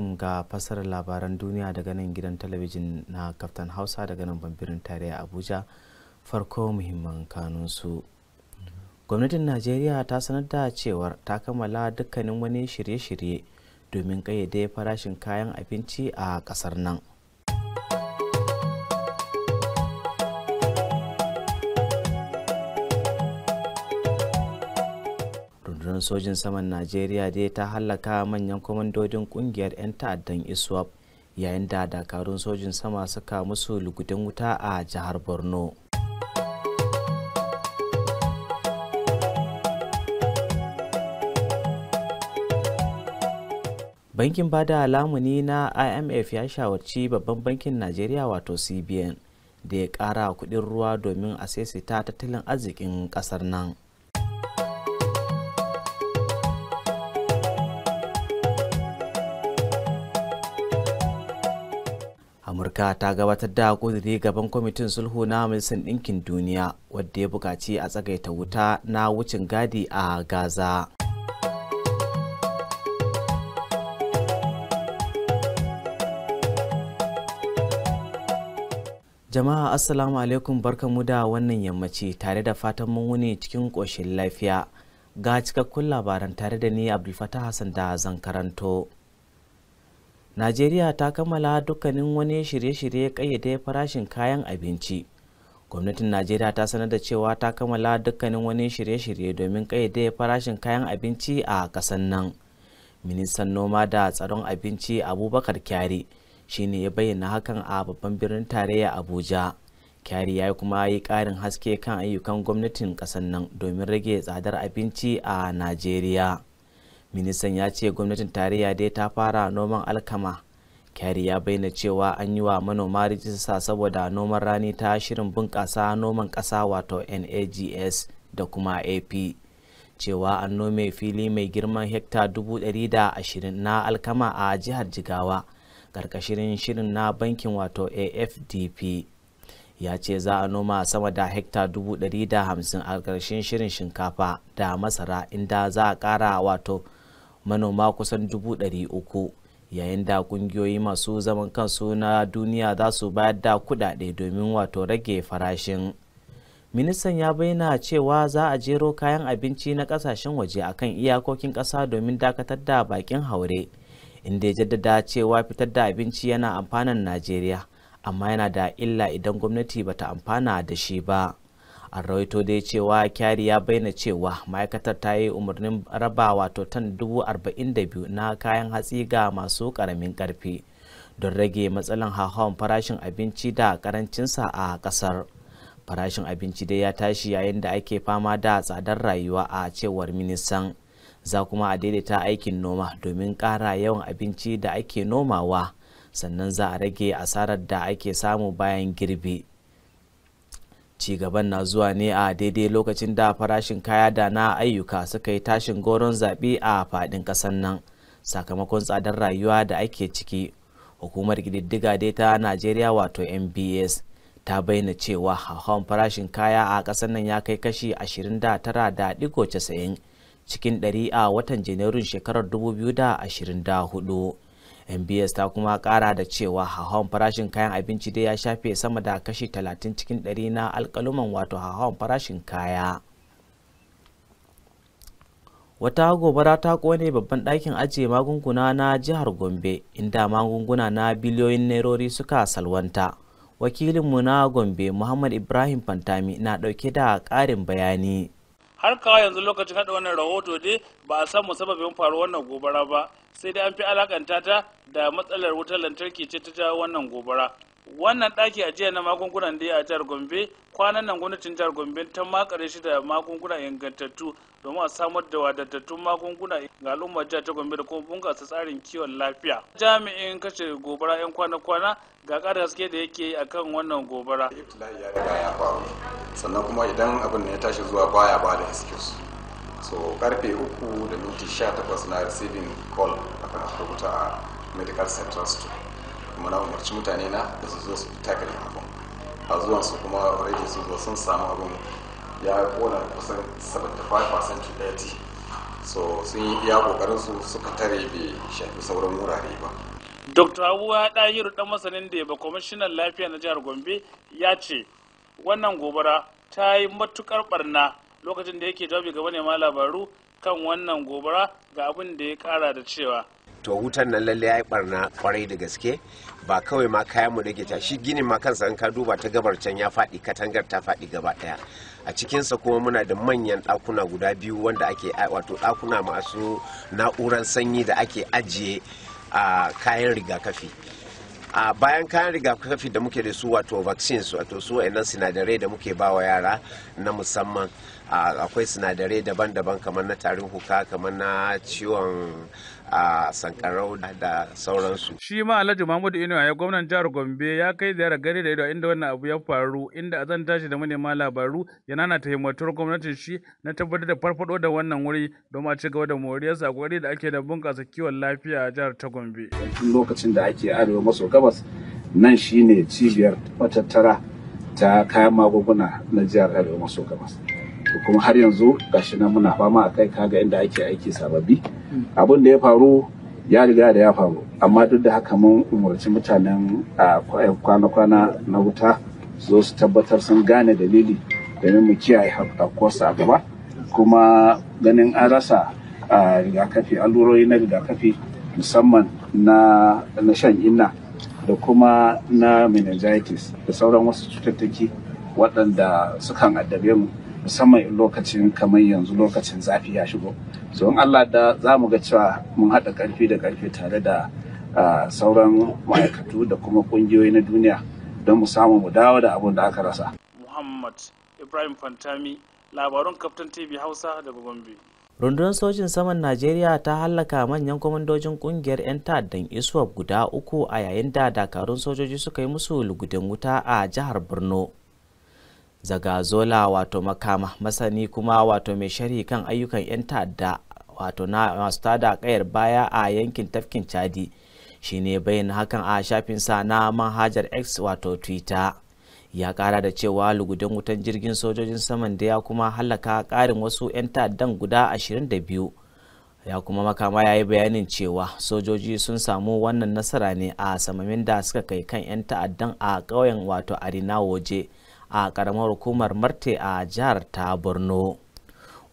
alaikum ga fasarar labaran duniya daga nan gidan talabijin na kaftan hausa daga nan bambirin tarayya abuja farko muhimman kanunsu gwamnatin najeriya ta sanar da cewar ta kammala dukkanin wani shirye-shirye domin kayyade farashin kayan abinci a kasar nan rundunar sojin saman najeriya dai ta hallaka manyan kwamandodin ƙungiyar 'yan ta'addan iswap yayin da dakarun sojin sama suka musu lugudin wuta a jihar borno bankin bada lamuni na imf ya shawarci babban bankin najeriya wato cbn da ya kara kudin ruwa domin a ta tattalin arzikin kasar nan amurka ta gabatar da kudiri gaban kwamitin sulhu na majalisar ɗinkin duniya wadda ya buƙaci a tsagaita wuta na wucin gadi a gaza jama'a assalamu alaikum barkanmu da wannan yammaci tare da fatan mun wuni cikin ƙoshin lafiya ga cikakkun labaran tare da ni abdulfatah hassan da zan karanto najeriya ta kammala dukkanin wani shirye-shirye kayyade farashin kayan abinci gwamnatin najeriya ta sanar da cewa ta kammala dukkanin wani shirye-shirye domin kayyade farashin kayan abinci a kasan nan ministan noma da tsaron abinci abubakar kyari shi ne ya bayyana hakan a babban birnin tarayya abuja kyari ya kuma yi karin haske kan ayyukan gwamnatin kasan nan domin rage tsadar abinci a najeriya ministan ya ce gwamnatin tarayya dai ta fara noman alkama kyari ya bayyana cewa an yi wa manoma rijista saboda noman rani ta shirin bunƙasa noman ƙasa wato nags da kuma ap cewa an nome fili mai girman hekta 120 na alkama a jihar jigawa ƙarƙashin shirin na bankin wato afdp ya ce za a noma sama da hekta 150 a ƙarshen shirin shinkafa da masara inda za a ƙara wato manoma kusan dubu ɗari uku yayin da kungiyoyi masu zaman kansu na duniya za su bayar da kuɗaɗe domin wato rage farashin ministan ya bayyana cewa za a jero kayan abinci na kasashen waje akan iyakokin ƙasa domin dakatar da bakin haure inda ya jaddada cewa fitar da abinci yana amfanan najeriya amma yana da illa idan gwamnati bata amfana da shi ba an rawaito dai cewa kyari ya bayyana cewa ma'aikatar ta yi umarnin raba wato tan dubu arba'in da biyu na kayan hatsi ga masu karamin karfi don rage matsalan hauhawan farashin abinci da karancinsa a kasar farashin abinci dai ya tashi yayin da ake fama da tsadar rayuwa a cewar ministan za kuma a daidaita aikin noma domin ƙara yawan abinci da ake nomawa sannan za a rage asarar da ake samu bayan girbi ci gaban na zuwa ne a daidai lokacin da farashin kaya da na ayyuka suka yi tashin goron zaɓe a faɗin ƙasar nan sakamakon tsadar rayuwa da ake ciki hukumar gididdiga dai ta najeriya wato mbs ta bayyana cewa hauhawan farashin kaya a ƙasar nan ya kai kashi 29.90 cikin 100 a watan janairun shekarar 2024 mbs ta kuma kara da cewa hawan farashin kayan abinci dai ya shafe sama da kashi 30 cikin 100 na alkaluman wato hawan farashin kaya wata gobara ta kone babban ɗakin ajiye magunguna na jihar gombe inda magunguna na biliyoyin nairori suka salwanta wakilinmu na gombe muhammad ibrahim fantami na ɗauke da ƙarin bayani har kawo yanzu lokacin haɗa wannan rahoto dai ba a san musababin faruwar wannan gobara ba sai dai an fi alakanta ta da matsalar wutar lantarki ce ta jawo wannan gobara wannan ɗaki a jiya na magungunan da a jihar gombe kwanan nan gwamnatin jihar gombe ta makare shi da magunguna ingantattu domin a samar da wadatattun magunguna ga al'ummar jihar ta gombe da kuma bunƙasa tsarin kiwon lafiya jami'in kashe gobara yan kwana-kwana ga ƙara haske da yake yi akan wannan gobara sannan kuma idan abin ne ya tashi zuwa baya ba da excuse so karfe uku da minti sha takwas na receiving call a aka rubuta a medical central store kuma na umarci mutane na da su zo su takali abin a zuwan su kuma rage su zo sun samu abin ya kona kusan 75% to 30 so sun yi iya kokarin su suka tare bai shafi sauran wurare ba dr abuwa ɗahiru ɗan masanin da ba kwamishinan lafiya na jihar gombe ya ce wannan gobara ta yi matukar barna lokacin da yake jawabi ne manema labaru kan wannan gobara ga abin da ya kara da cewa to wutan nan lalle ya yi barna kwarai da gaske ba kawai ma kayan mu ke ta shi ginin ma kansa in ka duba ta gabar can ya faɗi katangar ta faɗi gaba ɗaya a cikinsa kuma muna da manyan ɗakuna guda biyu wanda ake wato ɗakuna masu na'urar sanyi da ake ajiye a kayan rigakafi a bayan kayan rigakafi da muke da su wato vaccines wato su wa'annan sinadarai da muke bawa yara na musamman akwai sinadarai daban-daban kamar na tarin huka kamar na ciwon a sankarau da sauransu. Shi ma Alhaji mahmudu Inuwa ya gwamnan jihar Gombe ya kai ziyara gari da ido inda wannan abu ya faru inda a zan tashi da manema labaru ya nana ta gwamnatin shi na tabbatar da farfado da wannan wuri don a ci gaba da moriyarsa gwari da ake da bunƙasa kiwon lafiya a jihar ta Gombe. Lokacin da ake arewa maso gabas nan shine cibiyar matattara ta kayan magunguna na jihar arewa maso gabas. kuma har yanzu gashi nan muna fama akai kai kaga inda ake aiki sababbi hmm. abun da ya faru ya riga da ya faru amma duk da haka mun umarci mutanen kwana-kwana na wuta zo su tabbatar sun gane dalili domin mu kiyaye hakuwarsa a gaba kuma ganin an rasa rigakafi allurori na rigakafi musamman na shan inna da kuma na meningitis da sauran wasu cututtuki waɗanda sukan addabe mu musamman lokacin kamar yanzu lokacin zafi ya shigo so in allah da za mu ga cewa mun haɗa ƙarfi da ƙarfi tare da sauran ma'aikatu da kuma ƙungiyoyi na duniya don mu samu mu dawo da abin da aka rasa muhammad ibrahim fantami labarun kaftan tv hausa daga gombe rundunar sojin saman najeriya ta hallaka manyan kwamandojin kungiyar 'yan ta'addan iswap guda uku a yayin da dakarun sojoji suka yi musu lugudin wuta a jihar borno zagazola wato makama masani kuma wato mai sharhi kan ayyukan 'yan ta'adda wato na masu tada kayar baya a yankin tafkin chadi shine bayyana hakan a shafin sa na manhajar x wato twitter ya kara da cewa lugudan wutan jirgin sojojin saman da ya kuma halaka karin wasu 'yan ta'addan guda 22 ya kuma makama ya yi bayanin cewa sojoji sun samu wannan nasara ne a samamin da suka kai kan 'yan ta'addan a ƙauyen wato arina waje a karamar hukumar marte a jihar ta borno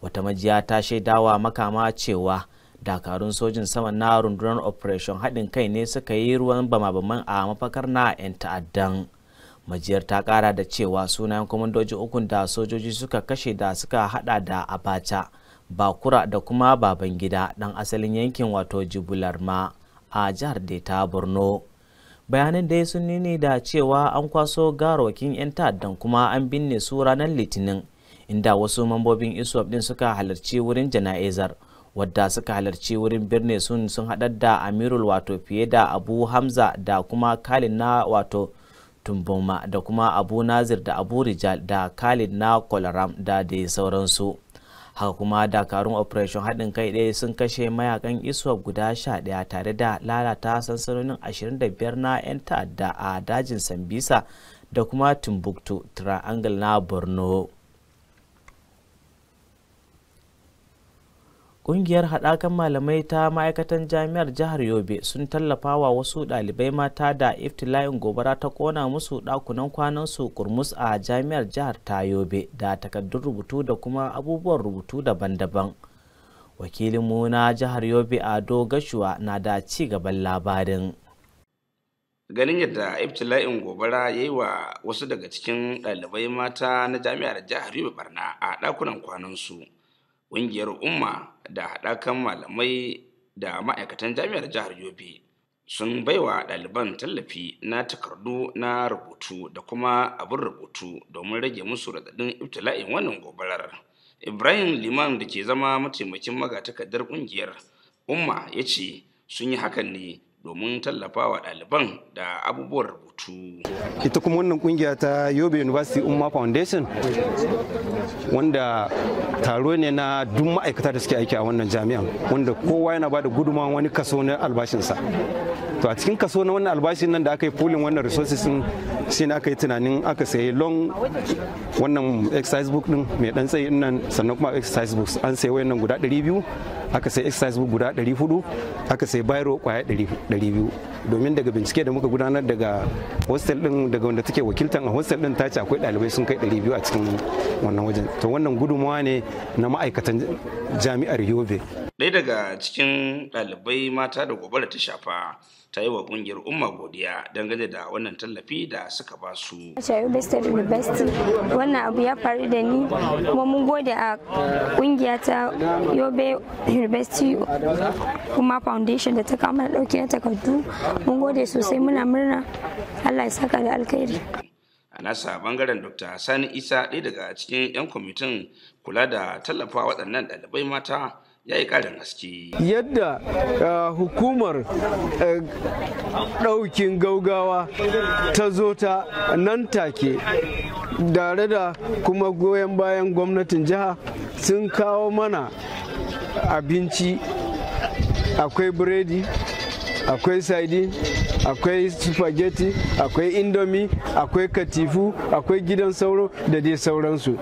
wata majiya ta shaidawa makama cewa dakarun sojin sama na rundunar operation haɗin kai ne suka yi ruwan bama-baman a mafakar na 'yan ta'addan majiyar ta ƙara da cewa sunayen kwamandoji ukun da sojoji suka kashe da suka hada da abacha bakura da kuma babangida gida dan asalin yankin wato jibular a jihar da ta borno bayanan dai sun nuni da cewa an kwaso garokin 'yan ta'addan kuma an binne su ranar litinin inda wasu mambobin isuwa din suka halarci wurin jana'izar wadda suka halarci wurin birne sun sun haɗar da amirul wato fiye da abu hamza da kuma kalin na wato tumboma da kuma abu nazir da abu rijal da kalin na kolaram da dai sauransu haka kuma dakarun operation haɗin kai ɗaya sun kashe mayakan iswa guda sha ɗaya tare da lalata sansanonin 25 na 'yan ta'adda a dajin sambisa da kuma timbuktu triangle na borno Ƙungiyar haɗakan malamai ta ma'aikatan jami'ar jihar Yobe sun tallafa wa wasu ɗalibai mata da iftila'in gobara ta kona musu ɗakunan kwanansu kurmus a jami'ar jihar ta Yobe da takardun rubutu da kuma abubuwan rubutu daban-daban. Wakilinmu na jihar Yobe a Gashuwa na da ci gaban labarin. ganin yadda iftila'in gobara ya yi wa wasu daga cikin ɗalibai mata na jami'ar jihar yobe barna a ɗakunan kwanansu ƙungiyar umma da haɗakan malamai da ma'aikatan jami'ar jihar yobe sun baiwa ɗaliban tallafi na takardu na rubutu da kuma abin rubutu domin rage musu raɗaɗin ibtila'in wannan gobarar ibrahim liman da ke zama mataimakin magatakardar ƙungiyar umma ya ce sun yi hakan ne domin tallafa wa ɗaliban da abubuwan rubutu. Ita kuma wannan kungiya ta Yobe University Umma Foundation wanda taro ne na duk ma'aikata da suke aiki a wannan jami'an wanda kowa yana ba da wani kaso na albashinsa. To a cikin kaso na wannan albashin nan da aka yi pulling wannan resources sun shi na aka yi tunanin aka sayi long wannan exercise book din mai dan tsayi nan sannan kuma exercise books an sayi wayannan guda 200 aka sayi exercise book guda 400 aka sayi biro kwaya 400 200 domin daga bincike da muka gudanar daga hostel din daga wanda take wakiltan a hostel din tace akwai dalibai sun kai 200 a cikin wannan wajen to wannan gudunmawa ne na ma'aikatan jami'ar yobe ɗaya daga cikin ɗalibai mata da gobara ta shafa ta yi wa kungiyar umma godiya dangane da wannan tallafi da suka ba su. Shayu University wannan abu ya faru da ni kuma mun gode a kungiya ta Yobe University kuma foundation da ta kama da dauke takardu mun gode sosai muna murna Allah ya saka da alkhairi. a nasa bangaren dr sani isa ɗaya daga cikin 'yan kwamitin kula da tallafa waɗannan ɗalibai mata ya yi ƙarin haske. Yadda uh, hukumar uh, ɗaukin gaugawa ta zo ta nan take tare da kuma goyon bayan gwamnatin jiha sun kawo mana abinci akwai biredi akwai saidi akwai spaghetti akwai indomi akwai katifu akwai gidan sauro da dai sauransu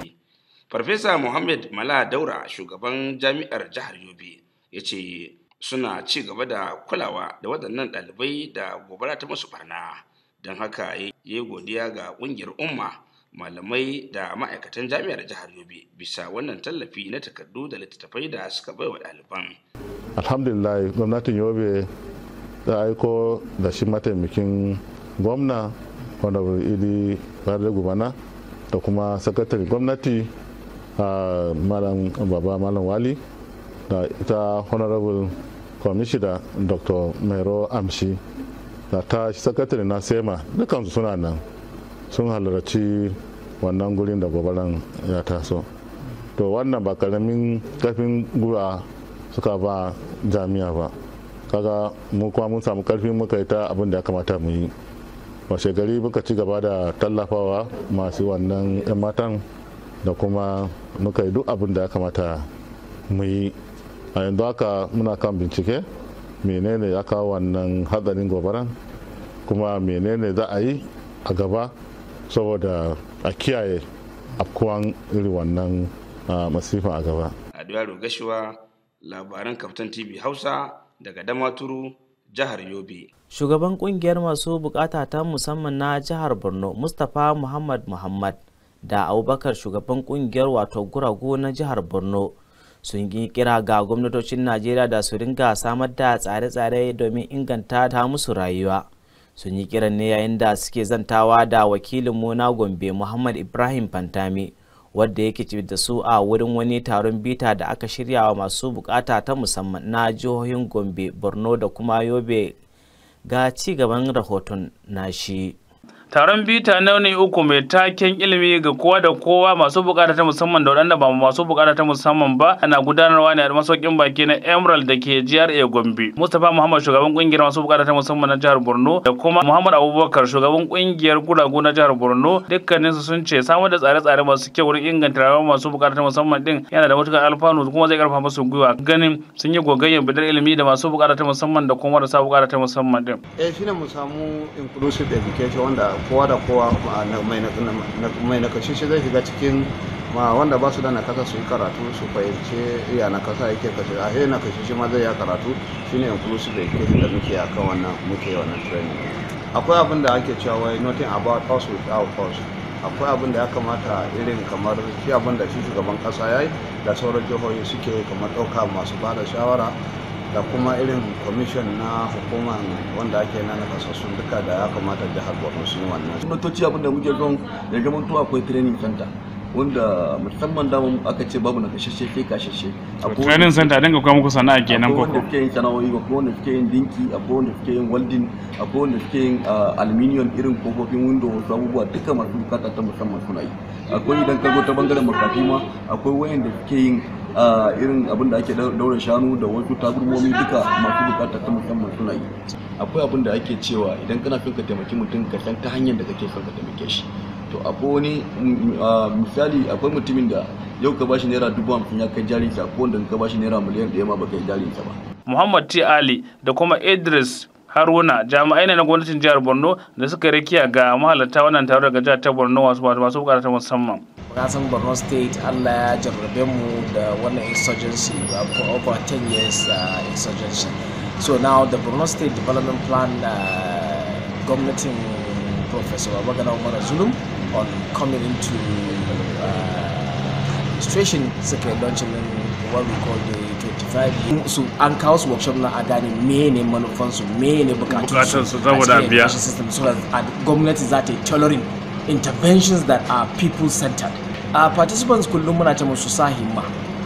farfesa muhammad mala daura shugaban jami'ar jihar yobe ya ce suna ci gaba da kulawa da waɗannan ɗalibai da gobara ta masu barna don haka ya yi godiya ga ƙungiyar umma malamai da ma'aikatan jami'ar jihar yobe bisa wannan tallafi na takardu da littattafai da suka bai wa ɗaliban alhamdulillah gwamnatin yobe ta aiko da shi mataimakin gwamna wanda idi barde gubana da kuma sakatare gwamnati malam baba malam wali da ita honorable commissioner dr mero amshi da ta sakatare na sema dukansu suna nan sun halarci wannan gurin da gobaran ya taso to wannan ba karamin ƙarfin gura suka ba jami'a ba kaga mu kuma mun samu karfin muka yi ta abin da ya kamata mu yi washe gari muka ci gaba da tallafawa masu wannan 'yan matan da kuma muka yi duk abin da ya kamata mu yi a yanzu haka muna kan bincike menene ya kawo wannan hadarin gobaran kuma menene za a yi a gaba saboda a kiyaye afkuwan irin wannan masifa a gaba. Adiyaru gashiwa labaran Kaftan TV Hausa daga Damaturu jihar Yobe. Shugaban kungiyar masu bukata ta musamman na jihar Borno Mustapha Muhammad Muhammad da abubakar shugaban kungiyar wato guragu na jihar borno sun yi kira ga gwamnatocin najeriya da su ringa samar da tsare-tsare domin inganta ta musu rayuwa sun yi kiran ne yayin da suke zantawa da wakilin na gombe muhammad ibrahim fantami wadda yake da su a wurin wani taron bita da aka shirya wa masu bukata ta musamman na jihohin gombe borno da kuma yobe ga ci gaban rahoton nashi. Taron bita nauni uku mai taken ilimi ga kowa da kowa masu bukata ta musamman da waɗanda ba masu bukata ta musamman ba ana gudanarwa ne a masaukin baki na Emerald da ke GRA Gombe. Mustapha Muhammad shugaban kungiyar masu bukata ta musamman na jihar Borno da kuma Muhammad Abubakar shugaban kungiyar guragu na jihar Borno dukkanin su sun ce samar da tsare-tsare masu kyau wurin inganta rayuwar masu bukata ta musamman din yana da matukar alfanu kuma zai karfafa musu gwiwa ganin sun yi gogayen bidar ilimi da masu bukata ta musamman da kuma sa bukata ta musamman din. Eh shine mu samu inclusive education wanda kowa da kowa mai nakashi shi zai shiga cikin ma wanda ba su da nakasa su yi karatu su fahimci ya nakasa yake kashe a he nakashi shi ma zai ya karatu shine inclusive education da muke akan wannan muke wannan training akwai abin da ake cewa wai nothing about us without us akwai abin da ya kamata irin kamar shi abin da shi shugaban kasa ya yi da sauran jihohi suke kamar ɗauka masu ba da shawara da kuma irin commission na hukuma wanda ake na nakasassun duka da ya kamata jihar borno su yi wannan gwamnatoci abin da muke son ya tuwa akwai training center wanda musamman damu aka ce babu na kashashe kai kashashe training center dinga kuma muku sana'a kenan ko wanda suke yin sana'o'i ko wanda suke yin dinki akwai wanda suke yin welding akwai wanda suke yin ah, aluminium irin kofofin window wasu abubuwa duka masu bukata ta musamman suna yi akwai idan ka zo ta bangaren makafi ma akwai da suke yin a irin abin da ake daura shanu da wasu taburmomi duka masu bukata ta musamman suna yi akwai abin da ake cewa idan kana son ka taimaki mutum ka san ta hanyar da kake son ka taimake shi to akwai wani mm, mm, misali akwai mutumin da yau ka bashi naira dubu hamsin ya kai jarinsa ko wanda ka bashi naira miliyan ɗaya ma ba kai jarinsa ba. Muhammad T. Ali da kuma Idris haruna jami'ai ne na gwamnatin jihar borno da suka rakiya ga mahalarta wannan taro daga jihar ta borno wasu masu bukata musamman san borno state allah ya jarrabe mu da wannan insurgency uh, for over 10 years uh, insurgency so now the borno state development plan uh, gwamnatin professor babagana umar zulum on coming into uh, administration suka launching what we call the su an kawo su workshop na a gane mene manufansu mene bukatun su a system so that gwamnati za ta yi tailoring interventions that are people centered a participants kullum muna ta musu sa himma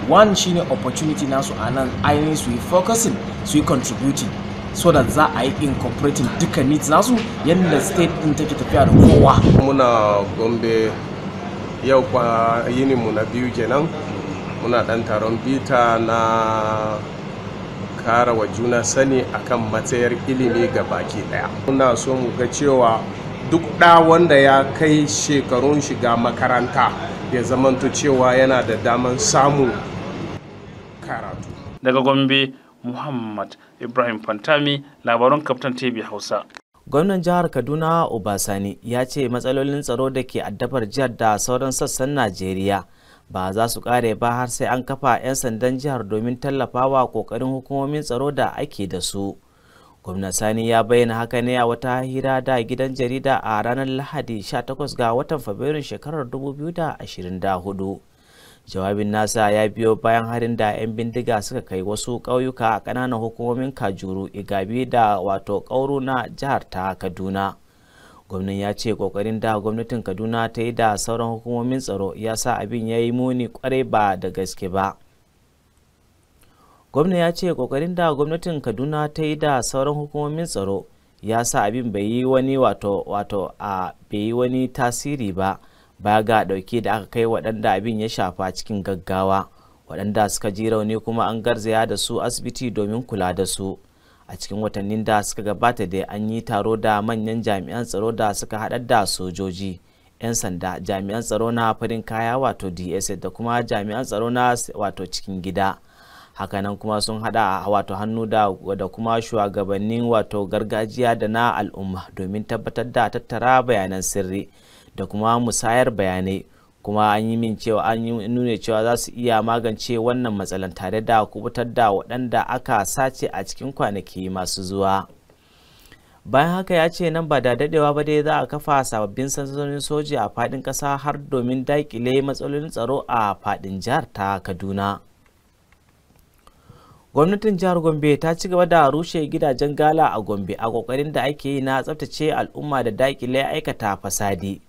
one shine opportunity nasu a nan ainihin su yi focusing su yi contributing so that za a yi incorporating duka needs nasu yadda state din take tafiya da kowa muna gombe yau kwa yini mu na biyu kenan muna ɗan taron bita na kara wa juna sani akan matsayar ilimi ga baki ɗaya muna so mu ga cewa duk ɗa wanda ya kai shekarun shiga makaranta ya zamanto cewa yana da daman samu karatu daga gombe muhammad ibrahim fantami labaran kaftan tv hausa gwamnan jihar kaduna obasani ya ce matsalolin tsaro da ke addabar jihar da sauran sassan najeriya ba za su kare ba har sai an kafa 'yan sandan jihar domin tallafawa kokarin hukumomin tsaro da ake da su gwamnati sani ya bayyana haka ne a wata hira da gidan jarida a ranar lahadi 18 ga watan fabrairun shekarar 2024 jawabin nasa ya biyo bayan harin da 'yan bindiga suka kai wasu ƙauyuka a ƙananan hukumomin kajuru igabi da wato ƙauru na jihar ta kaduna gwamnan ya ce kokarin da gwamnatin kaduna ta yi da sauran hukumomin tsaro ya sa abin ya yi muni kwarai ba da gaske ba gwamna ya ce kokarin da gwamnatin kaduna ta yi da sauran hukumomin tsaro ya sa abin bai yi wani wato wato a bai yi wani tasiri ba ba ga dauke da aka kai waɗanda abin ya shafa cikin gaggawa waɗanda suka ji rauni kuma an garzaya da su asibiti domin kula da su a cikin watannin da suka gabata da an yi taro da manyan jami'an tsaro da suka haɗar da sojoji 'yan sanda jami'an tsaro na farin kaya wato dss da kuma jami'an tsaro na wato cikin gida hakanan kuma sun haɗa wato hannu da, da kuma shugabannin wato gargajiya da na al'umma domin tabbatar da tattara bayanan sirri da kuma musayar bayanai kuma an yi min cewa an yi nuna cewa za su iya magance wannan matsalan tare da kubutar da waɗanda aka sace a cikin kwanaki masu zuwa bayan haka ya ce nan ba da dadewa ba dai za a kafa sababbin sansanonin soji a fadin kasa har domin daƙile matsalolin tsaro a fadin jihar ta kaduna gwamnatin jihar gombe ta ci gaba da rushe gidajen gala a gombe a kokarin da ake yi na tsabtace al'umma da daƙile aikata fasadi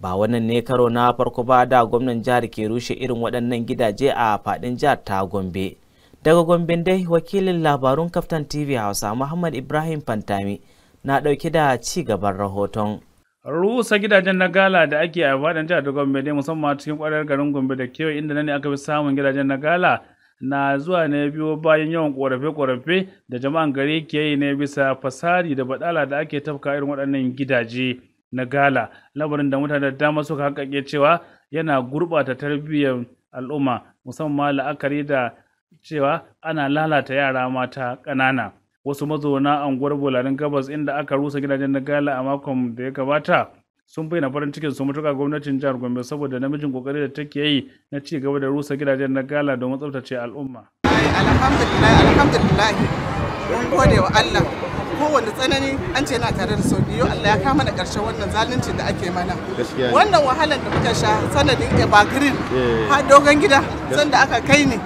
ba wannan ne karo na farko ba da gwamnan jihar ke rushe irin waɗannan gidaje a faɗin jihar ta gombe daga gombe dai wakilin labarun kaftan tv hausa muhammad ibrahim fantami na ɗauki da ci gaban rahoton rusa gidajen na gala da ake a faɗin jihar ta gombe dai musamman cikin ƙwarar garin gombe da kewa inda nan ne aka fi samun gidajen na gala na zuwa ne biyo bayan yawan ƙorafe-ƙorafe da jama'an gari ke yi ne bisa fasari da badala da ake tafka irin waɗannan gidaje na gala labarin da mutane da dama suka hakake cewa yana gurɓata tarbiyyar al'umma musamman la'akari da cewa ana lalata yara mata ƙanana wasu mazauna unguwar bularin gabas inda aka rusa gidajen na gala a makon da ya gabata sun bayyana farin cikin su matuƙa gwamnatin jihar gombe saboda namijin kokari da take yi na ci gaba da rusa gidajen na gala domin tsaftace al'umma alhamdulillah alhamdulillah mun gode wa allah kowane tsanani an ce na tare da biyu Allah ya kama da ƙarshen wannan zaluncin da ake mana wannan wahalar da muka sha sanadin evergreen eh. ha dogon gida sanda aka kai ne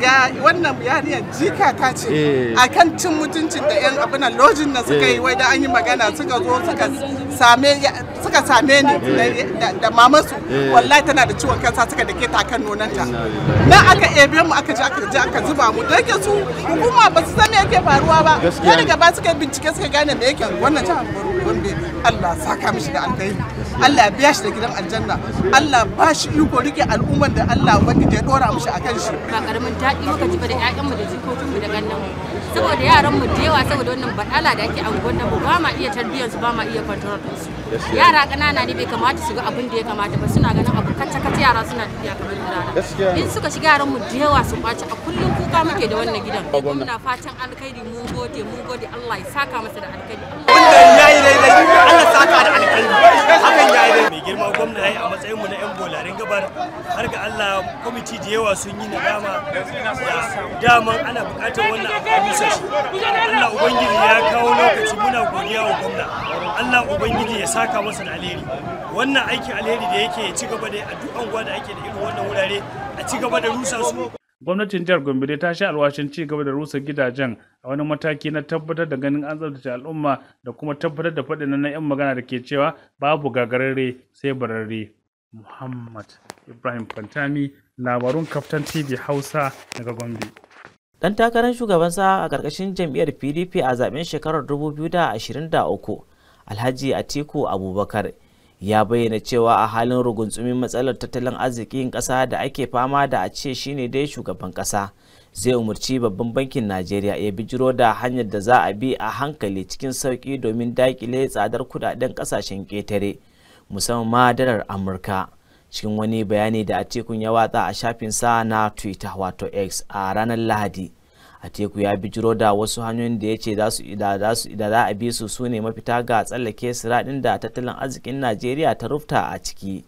ya wannan yariyar jika ta ce eh. a kan cin mutuncin da 'yan abinan lojin na suka yi eh. wai da an yi magana suka zo suka suka same ni da mamansu eh. wallahi tana da ciwon kansa suka dake ta kan nonanta na aka ebe mu aka je aka je aka zuba mu da yake su hukuma ba su san me yake faruwa ba ya daga ba suka bincike suka gane me yake wannan jihar Gombe Allah saka mishi da alkai Allah ya biya shi da gidan aljanna Allah ba shi iko rike al'umman da Allah da ya dora mishi akan shi ba karamin daɗi muka ji ba da ƴaƴanmu da jikokinmu da gannan saboda yaran mu da yawa saboda wannan batala da ake angon mu ba ma iya tarbiyyar su ba ma iya control din su yara kanana ne bai kamata su ga abin da ya kamata ba suna ganin abu kacce kacce yara suna tafiya kamar rana in suka shiga yaran mu da yawa su kwace a kullum kuka muke da wannan gidan muna fatan alkhairi mun gode mun gode Allah ya saka masa da alkhairi wannan yayi daidai Allah saka da alkhairi hakan yayi girma gwamna yi a matsayin mu na yan bolarin gabar har ga Allah kwamiti da yawa sun yi nadama da daman ana bukatar wannan abu a shi Allah ubangiji ya kawo lokaci muna godiya wa gwamna Allah ubangiji ya saka masa da alheri wannan aikin alheri da yake ci gaba da addu'an gwa da ake da irin wannan wurare a ci gaba da rusa su Gwamnatin jihar Gombe ta sha alwashin ci gaba da rusa gidajen a wani mataki na tabbatar da ganin an tsabtace al'umma da kuma tabbatar da faɗin na 'yan magana da ke cewa babu gagararre sai bararre. Muhammad Ibrahim Fantami labarun Kaftan TV Hausa daga Gombe. Dan takarar shugaban sa a karkashin jam'iyyar PDP a zaben shekarar 2023 Alhaji Atiku Abubakar ya bayyana cewa a halin rugunzumin matsalar tattalin arzikin ƙasa da ake fama da a ce shine dai shugaban ƙasa zai umarci babban bankin najeriya ya bijiro da hanyar da za a bi a hankali cikin sauki domin dakile tsadar kudaden ƙasashen ƙetare musamman madarar amurka cikin wani bayani da cikin ya watsa a shafin sa na twitter wato x a ranar lahadi A teku ya bijiro da wasu hanyoyin da ya ce da za a bi su su ne mafita ga tsallake siradin da tattalin arzikin Najeriya ta rufta a ciki.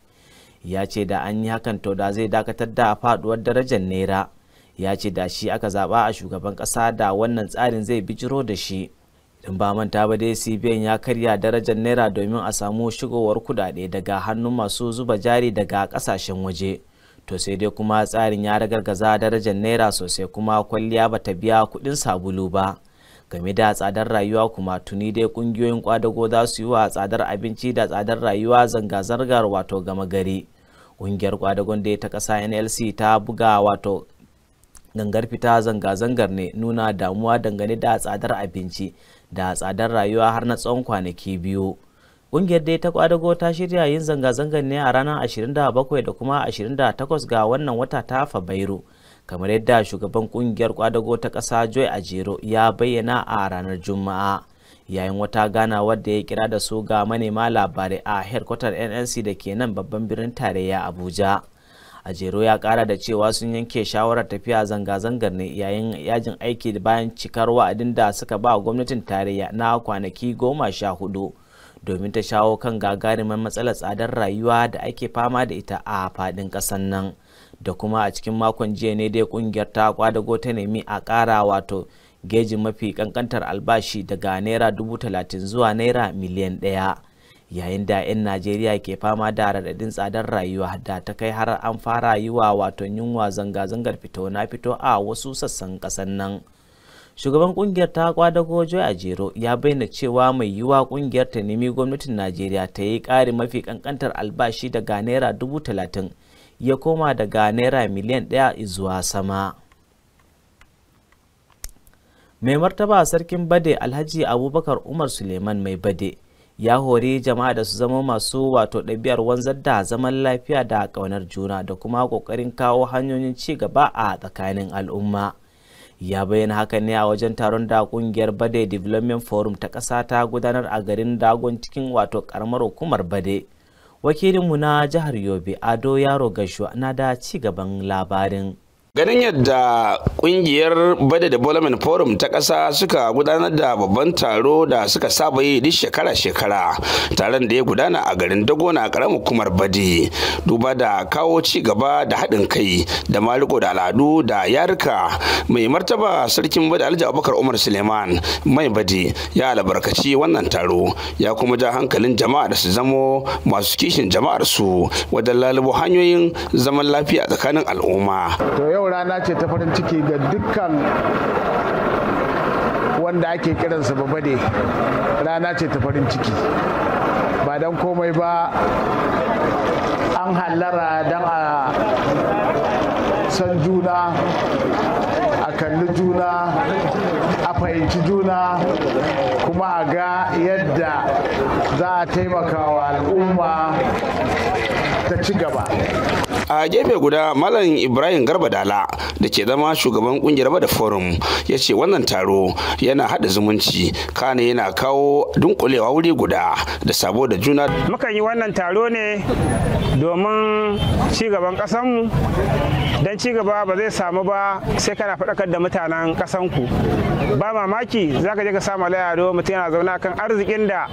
Ya ce da an yi hakan to da zai dakatar da faduwar darajar naira. Ya ce da shi aka zaba a shugaban kasa da wannan tsarin zai bijiro da shi. Idan ba manta ba dai CBN ya karya darajar naira domin a samu shigowar kudade daga hannun masu zuba jari daga kasashen waje. to sai dai kuma tsarin ya ragargaza darajar naira sosai kuma kwalliya ba ta biya kuɗin sabulu ba game da tsadar rayuwa kuma tuni dai kungiyoyin kwadago za su yi wa tsadar abinci da tsadar rayuwa zanga-zangar wato gama gari kungiyar kwadagon da ta kasa nlc ta buga wato gangar fita zanga-zangar ne nuna damuwa dangane da tsadar abinci da tsadar rayuwa har na tsawon kwanaki biyu Ƙungiyar dai ta kwadago ta shirya yin zanga-zangar ne a ranar 27 da kuma 28 ga wannan wata ta Fabairu. Kamar yadda shugaban ƙungiyar kwadago ta ƙasa Joy Ajero ya bayyana a ranar Juma'a. Yayin wata ganawar wadda ya kira da su ga manema labarai a headquarter NNC da ke nan babban birnin tarayya Abuja. ajero ya kara da cewa sun yanke shawarar tafiya zanga-zangar ne yayin yajin aiki bayan cikar wa'adin da suka ba gwamnatin tarayya na kwanaki goma sha hudu domin ta shawo kan gagarumin matsalar tsadar rayuwa da ake fama da ita a fadin kasan nan da kuma a cikin makon jiya ne dai kungiyar ta kwadago ta nemi a kara wato gejin mafi kankantar albashi daga naira dubu talatin zuwa naira miliyan ɗaya yayin da 'yan najeriya ke fama da raɗaɗin tsadar rayuwa da ta kai har an fara yi wa wato yunwa zanga-zangar fito na fito a wasu sassan ƙasar nan shugaban kungiyar ta kojo a jero ya bayyana cewa mai yiwuwa kungiyar ta nemi gwamnatin najeriya ta yi ƙari mafi kankantar albashi daga naira dubu talatin ya koma daga naira miliyan ɗaya zuwa sama mai martaba sarkin bade alhaji abubakar umar suleiman mai bade ya hori jama'a da su zama masu wato ɗabi'ar wanzar da zaman lafiya da ƙaunar juna da kuma ƙoƙarin kawo hanyoyin ci gaba a tsakanin al'umma ya bayyana haka ne a wajen taron da kungiyar bade development forum ta ƙasa ta gudanar a garin dagon cikin wato karamar hukumar bade wakilinmu na jihar yobe ado yaro gashuwa na da ci gaban labarin Ganin yadda kungiyar Bada Development Forum ta ƙasa suka gudanar da babban taro da suka saba yi duk shekara-shekara taron da ya gudana a garin Dagona a ƙaramar hukumar Badi, duba da kawo ci gaba da haɗin kai da maliko da al'adu da yarika mai martaba sarkin bada Alhaji Abubakar Umar Suleiman mai badi ya albarkaci wannan taro ya kuma ja hankalin jama'a da su zamo masu kishin jama'ar su wajen lalubo hanyoyin zaman lafiya tsakanin al'umma. yau rana ce ta farin ciki ga dukkan wanda ake kiransa ba rana ce ta farin ciki ba don komai ba an hallara don a san juna a kalli juna a fahimci juna kuma a ga yadda za a taimaka wa al'umma ta ci gaba a gefe guda malam ibrahim garba dala da ke zama shugaban kungiyar bada forum ya ce wannan taro yana hada zumunci kane yana kawo dunkulewa wuri guda da sabo da juna mukan yi wannan taro ne domin cigaban ƙasanmu don cigaba ba zai samu ba sai kana faɗakar da mutanen ƙasanku ba mamaki za ka je ka samu layaro mutum yana zaune kan arzikin da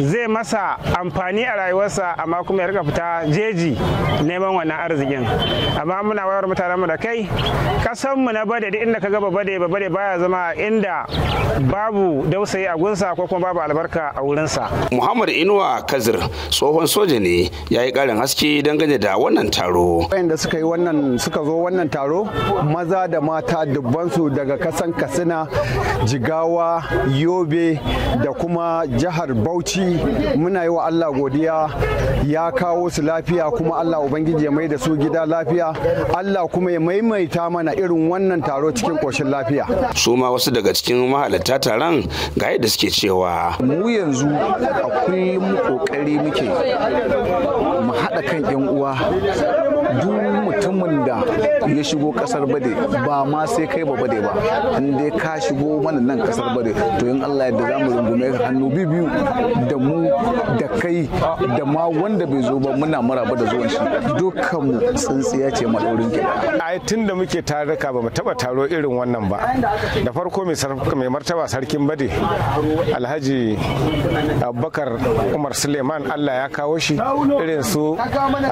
zai masa amfani a rayuwarsa amma kuma ya rika fita jeji neman wannan arziki arzikin amma muna wayar mutanen mu da kai kasan mu na bade duk inda ka ga bade bade baya zama inda babu dausayi a gunsa ko kuma babu albarka a wurinsa Muhammad Inuwa Kazir tsohon soja ne yayi karin haske dangane da wannan taro wayanda suka yi wannan suka zo wannan taro maza da mata dubbansu daga kasan Katsina Jigawa Yobe da kuma jihar Bauchi muna yi wa Allah godiya ya kawo su lafiya kuma Allah ubangiji ya mai da su gida lafiya Allah kuma ya maimaita mana irin wannan taro cikin koshin lafiya su ma wasu daga cikin mahalarta taron ga yadda suke cewa mu yanzu a kullum ƙoƙari muke mu haɗa kan 'yan uwa duk mutumin da ya shigo kasar bade ba ma sai kai ba bade ba in dai ka shigo mana nan kasar bade to in Allah yadda za mu rungume hannu biyu da mu da kai da ma wanda bai zo ba muna maraba da zuwan shi dukkanmu tsintsiya ce madaurin ki ai tun da muke tarika ba mu taba taro irin wannan ba da farko mai martaba sarkin bade alhaji abubakar umar suleiman allah ya kawo shi irin su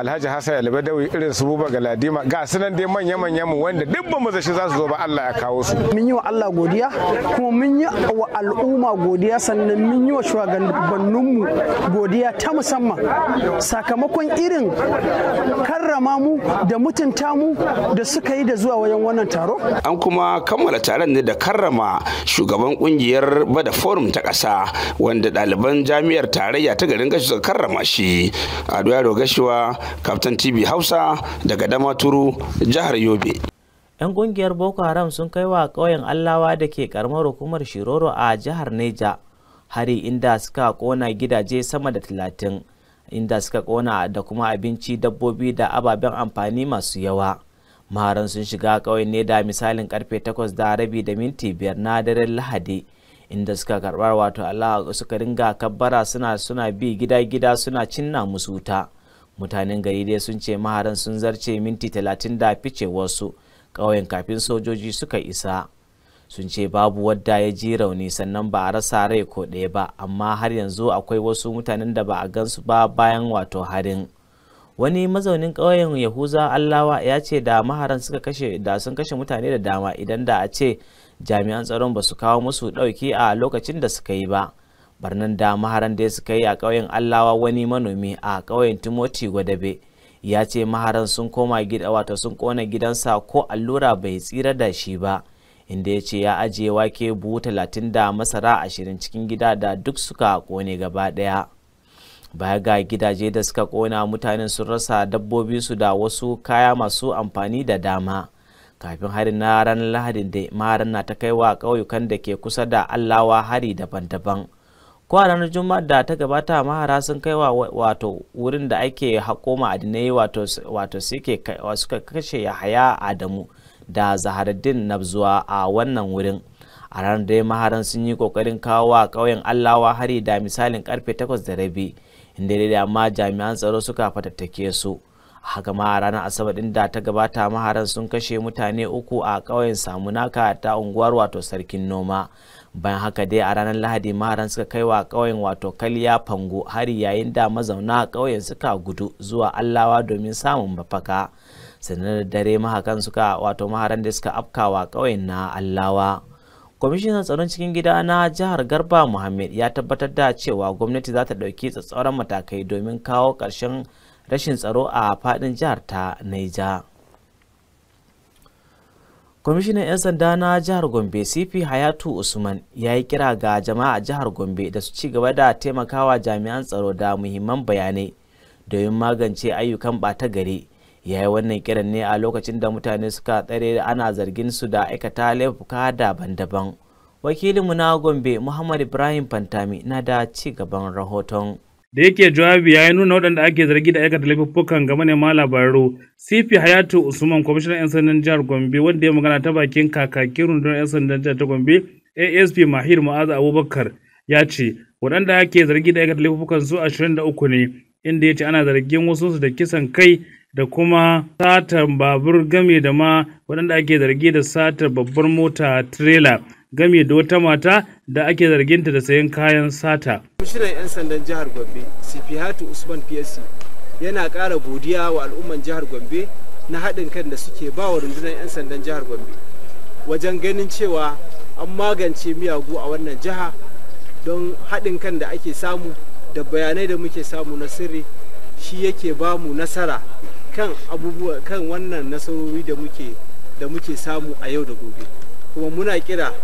alhaji hassan albadawi irin su buba gala galadima ga sunan dai manya manyan mu wanda duk ba mu zaci za su zo ba Allah ya kawo su mun yi wa Allah godiya kuma mun yi wa al'umma godiya sannan mun yi wa shugabannin mu godiya ta musamman sakamakon irin karrama mu da mutunta mu da suka yi da zuwa wajen wannan taro an kuma kammala taron ne da karrama shugaban kungiyar bada forum ta kasa wanda ɗaliban jami'ar tarayya ta garin gashi suka karrama shi a doya gashiwa kaftan tv hausa daga jihar yobe 'yan kungiyar boko haram sun kai wa ƙauyen allawa da ke karamar hukumar shiroro a jihar neja hari inda suka kona gidaje sama da talatin inda suka kona da kuma abinci dabbobi da ababen amfani masu yawa maharan sun shiga ƙauyen ne da misalin karfe 8 da rabi da minti biyar na daren lahadi inda suka karbar wato allawa suka ringa kabbara suna suna bi gida gida suna cinna musu wuta mutanen gari dai sun ce maharan sun zarce minti talatin da fice wasu ƙauyen kafin sojoji suka isa sun ce babu wadda ya ji rauni sannan ba a rasa rai ko ɗaya ba amma har yanzu akwai wasu mutanen da ba a gansu ba bayan wato harin wani mazaunin ƙauyen yahuza allawa ya ce da maharan suka kashe da sun kashe mutane da dama idan da a ce jami'an tsaron ba su kawo musu ɗauki a lokacin da suka yi ba barnan da maharan da suka yi a ƙauyen allawa wani manomi a ƙauyen timoti gwadabe ya ce maharan sun koma gida wato sun kona gidansa ko allura bai tsira da shi ba inda ya ce ya ajiye wake buhu talatin da masara ashirin cikin gida da duk suka kone gaba ɗaya baya ga gidaje da suka kona mutanen sun rasa dabbobi su da wasu kaya masu amfani da dama kafin harin na ranar lahadin da maharan na ta kai wa ƙauyukan da ke kusa da allawa hari daban-daban ko a ranar da ta gabata mahara sun kai wa wato wurin da ake haƙo ma'adinai wato suka kashe yahaya adamu da na zuwa a wannan wurin a ranar da maharan sun yi kokarin kawo wa ƙauyen allawa hari da misalin karfe 8 da rabi inda da amma jami'an tsaro suka fatattake su haka ma a ranar asabar din da ta gabata maharan sun kashe mutane uku a ƙauyen samunaka ta unguwar wato sarkin noma bayan haka dai a ranar lahadi maharan suka kai wa ƙauyen wato kaliya fango hari yayin da mazauna ƙauyen suka gudu zuwa allawa domin samun mafaka sannan da dare mahakan suka wato maharan da suka afkawa ƙauyen na allawa kwamishinan tsaron cikin gida na jihar garba muhammed ya tabbatar da cewa gwamnati za ta ɗauki tsatsauran matakai domin kawo ƙarshen rashin tsaro a faɗin jihar ta naija. kwamishinan 'yan sanda na jihar gombe cp hayatu usman ya yi kira ga jama'a jihar gombe da su ci gaba da taimakawa jami'an tsaro da muhimman bayanai domin magance ayyukan bata gari ya yi wannan kiran ne a lokacin da mutane suka tsare ana zargin su da aikata laifuka daban-daban wakilinmu na gombe muhammad ibrahim fantami na da ci gaban rahoton da yake jawabi ya nuna waɗanda ake zargi da aikata laifukan ga manema labaru sifi hayatu usman kwamishinan 'yan sandan jihar gombe wanda ya magana ta bakin kakakin rundunar 'yan sandan jihar ta gombe asp mahir Ma'aza abubakar ya ce waɗanda ake zargi da aikata ashirin su 23 ne inda ya ce ana zargin wasu su da kisan kai da kuma satar babur game da ma waɗanda ake zargi da satar babbar mota trailer game da wata mata da ake zarginta da sayan kayan sata. Kwamishinan 'yan sandan jihar Gombe, Sifihatu Usman PSC, yana ƙara godiya wa al'umman jihar Gombe na haɗin kan da suke ba wa rundunar 'yan sandan jihar Gombe wajen ganin cewa an magance miyagu a wannan jiha don haɗin kan da ake samu da bayanai da muke samu na sirri shi yake ba mu nasara kan abubuwa kan wannan nasarori da da muke samu a yau da gobe kuma muna kira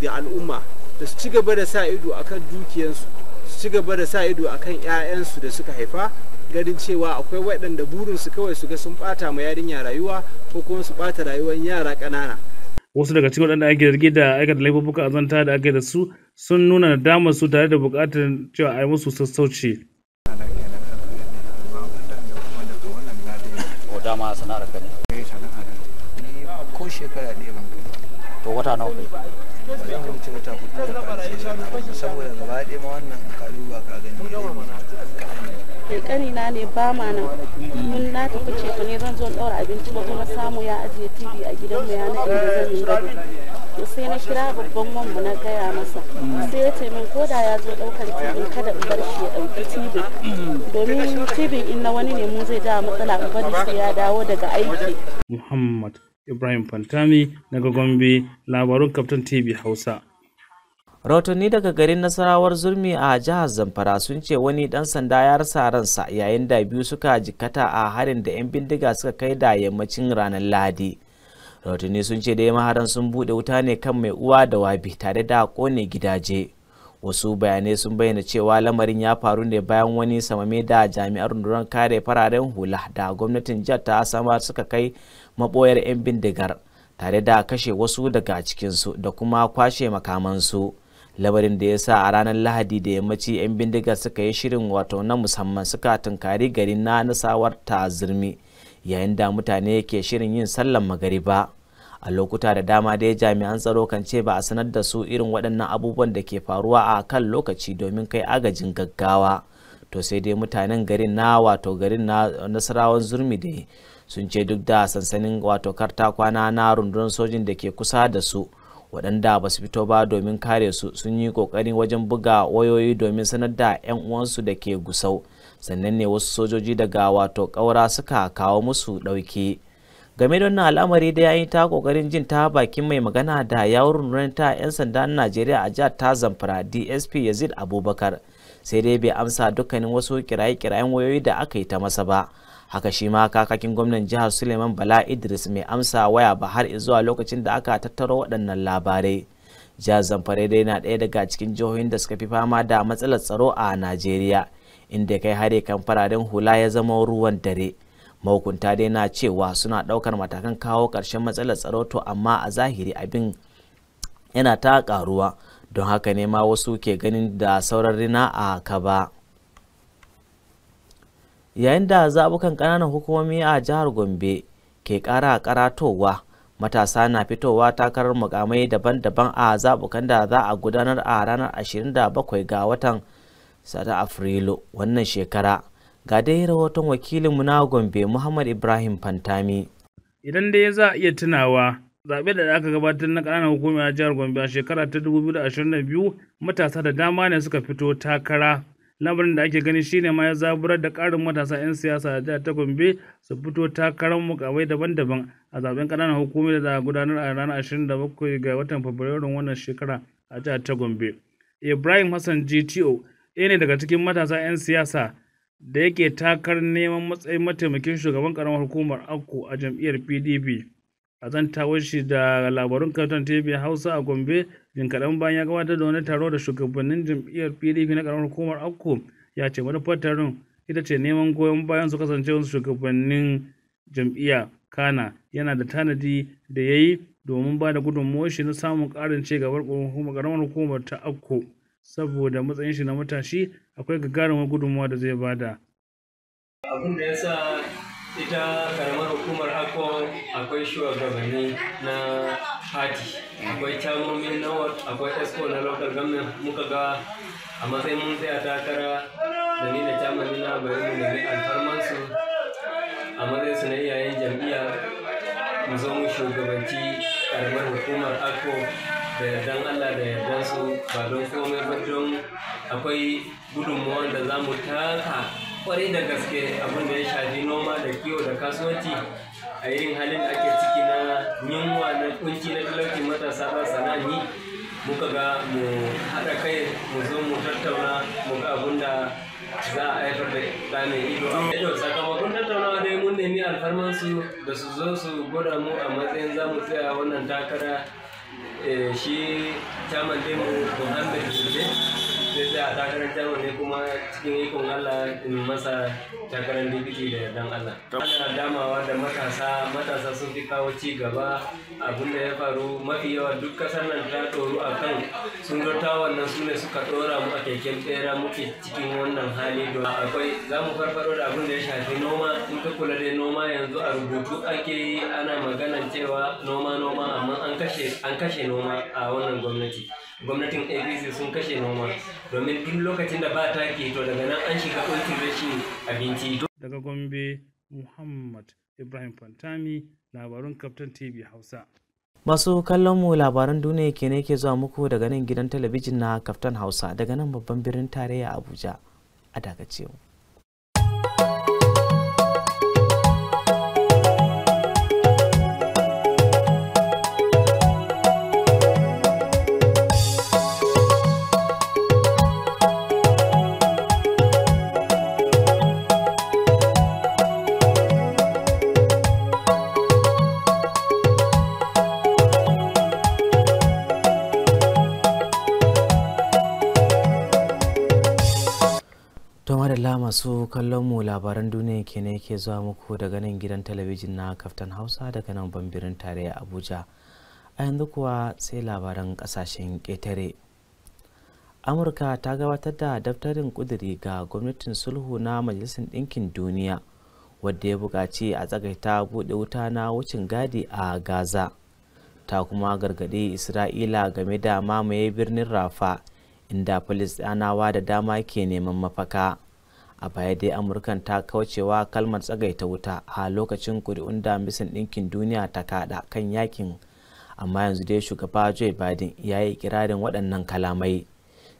da al'umma da su ci gaba da sa ido akan dukiyansu su ci gaba da sa ido akan 'ya'yansu da suka haifa ganin cewa akwai waɗanda burinsu kawai su ga sun ɓata ma yarinya rayuwa ko kuma su ɓata rayuwar yara ƙanana wasu daga cikin waɗanda ake zargi da aikata laifuffuka azanta da ake da su sun nuna damar su tare da buƙatar cewa a yi musu sassauci. gaba ɗaya ma wannan kaluba ka gani na ne ba ma nan mun na tafi ce ne zan zo ɗaura abinci ba kuma samu ya ajiye tv a gidan mu ya na inda zan yi eh, gado to sai na kira babban wanmu na gaya masa sai ya ce min koda ya zo ɗaukar tibin kada in bar shi ya ɗauki tibin domin tibin in na wani ne mu zai ja matsala in bari sai ya dawo daga aiki muhammad ibrahim fantami daga gombe labarun kaftan tv hausa rahotanni daga garin nasarawar zurmi a jihar zamfara sun ce wani dan sanda ya rasa ransa yayin da biyu suka jikata a harin da 'yan bindiga suka kai da yammacin ranar lahadi rahotanni sun ce dai maharan sun bude wuta ne kan mai uwa da wabi tare da kone gidaje wasu bayanai sun bayyana cewa lamarin ya faru ne bayan wani samame da jami'ar rundunar kare fararen hula da gwamnatin jihar ta sama suka kai maboyar 'yan bindigar tare da kashe wasu daga cikinsu da kuma kwashe makamansu. labarin da ya sa a ranar lahadi da yammaci 'yan bindiga suka yi shirin wato na musamman suka tunkari garin na nasawar ta zurmi yayin da mutane ke shirin yin sallan ba a lokuta da dama dai jami'an tsaro kan ce ba a sanar da su irin waɗannan abubuwan da ke faruwa a kan lokaci domin kai agajin gaggawa to sai dai mutanen garin na wato garin na nasarawan zurmi dai sun ce duk da sansanin wato karta kwana na rundunar sojin da ke kusa da su waɗanda ba su fito ba domin kare su sun yi ƙoƙarin wajen buga wayoyi domin sanar da 'yan uwansu da ke gusau sannan ne wasu sojoji daga wato ƙaura suka kawo musu ɗauki game da wannan al'amari da yi ta ƙoƙarin jin ta bakin mai magana da yawon ta 'yan sanda na najeriya a jihar ta zamfara dsp yazid abubakar sai dai bai amsa dukkanin wasu kiraye-kirayen wayoyi da aka yi ta masa ba haka shi ma kakakin gwamnan jihar suleiman bala idris mai amsa waya ba har zuwa lokacin da aka tattaro waɗannan labarai jihar zamfara dai na ɗaya daga cikin jihohin da suka fi fama da matsalar tsaro a najeriya inda kai hare kan fararen hula ya zama ruwan dare mahukunta dai na cewa suna ɗaukar matakan kawo ƙarshen matsalar tsaro to amma a zahiri abin yana ta ƙaruwa don haka ne ma wasu ke ganin da sauran rina a kaba. yayin da zabukan ƙananan hukumomi a jihar gombe ke kara karatowa matasa na fitowa takarar mukamai daban-daban a zabukan da za a gudanar a ranar 27 ga watan sada afrilu wannan shekara ga dai rahoton wakilinmu na gombe muhammad ibrahim fantami idan dai za a iya tunawa zaɓe da aka gabatar na ƙananan hukumar jihar gombe a shekara ta 2022 matasa da dama ne suka fito takara lamarin da ake gani shine ma ya zaburar da karin matasa 'yan siyasa a jihar ta gombe su fito takarar mukamai daban-daban a zaben kananan hukumi da za a gudanar a ranar 27 ga watan fabrairun wannan shekara a jihar ta gombe ibrahim hassan gto ɗaya ne daga cikin matasa 'yan siyasa da yake takar neman matsayin mataimakin shugaban karamar hukumar akko a jam'iyyar pdp a zantawar shi da labarun kanton tv hausa a gombe Jin kaɗan bayan ya gabatar da wani taro da shugabannin jam'iyyar PDP na ƙaramar hukumar Akko ya ce manufar taron ita ce neman goyon bayan su kasance wasu shugabannin jam'iyya Kana yana da tanadi da ya yi domin ba da gudunmuwar shi na samun ƙarin ci gabar ƙaramar hukumar ta Akko saboda matsayin shi na matashi akwai gagarumar gudunmuwa da zai bada. Abin da ya sa ita karamar hukumar Akko akwai shugabanni na hati akwai camomi na akwai esko na local government muka ga a matsayin mun tsaya takara da ni da camani na bari mu alfarman su a matsayin su na iyayen jam'iyya mu zo mu shugabanci karamar hukumar akko da yardan allah da yardan su ba don komai ba don akwai gudunmuwan da za mu taka kwarai da gaske abin da ya shafi noma da kiwo da kasuwanci a yin halin da ake ciki na yunwa na kunci na talauci matasa ba sana'an ni muka ga mu haɗa kai mu zo mu tattauna mu ga abun da za a haifar da ɗa mai ido. Yau eh, sakamakon tattaunawa dai mun nemi alfarman su da su zo su gwada mu a matsayin za mu tsaya wannan takara eh, shi chairman mu Muhammad ce. zai tsaya a takarar jamus ne kuma cikin ikon Allah in masa takarar dipiti da yardan Allah. Ana damawa da matasa, matasa sun fi kawo ci gaba abinda ya faru mafi yawa duk kasar nan ta toru a kan sun ta wannan su ne suka ɗora mu a keken tsera muke cikin wannan hali don akwai za mu farfaro da abin da ya shafi noma in ka kula da noma yanzu a rubutu ake yi ana maganan cewa noma noma amma an kashe noma a wannan gwamnati. gwamnatin abc sun kashe noma domin duk lokacin da ba taki to daga nan an shiga ɓulkin rashin abinci daga gombe muhammad ibrahim fantami labarun kaftan tv hausa masu kallon mu labaran duniya ke ne ke zuwa muku daga nan gidan talabijin na kaftan hausa daga nan babban birnin tarayya abuja a dagacewa. masu kallon mu labaran duniya ne ke zuwa muku daga nan gidan talabijin na kaftan hausa daga nan bambirin tarayya abuja a yanzu kuwa sai labaran kasashen ƙetare amurka ta gabatar da daftarin ƙudiri ga gwamnatin sulhu na majalisar ɗinkin duniya wadda ya buƙaci a tsagaita buɗe wuta na wucin gadi a gaza ta kuma gargaɗi isra'ila game da mamaye birnin rafa inda Falis da dama ke neman mafaka a baya dai amurkan ta kaucewa kalmar tsagaita wuta a lokacin kuri'un da misin ɗinkin duniya ta kaɗa kan yakin amma yanzu dai shugaba joe biden ya yi kirarin waɗannan kalamai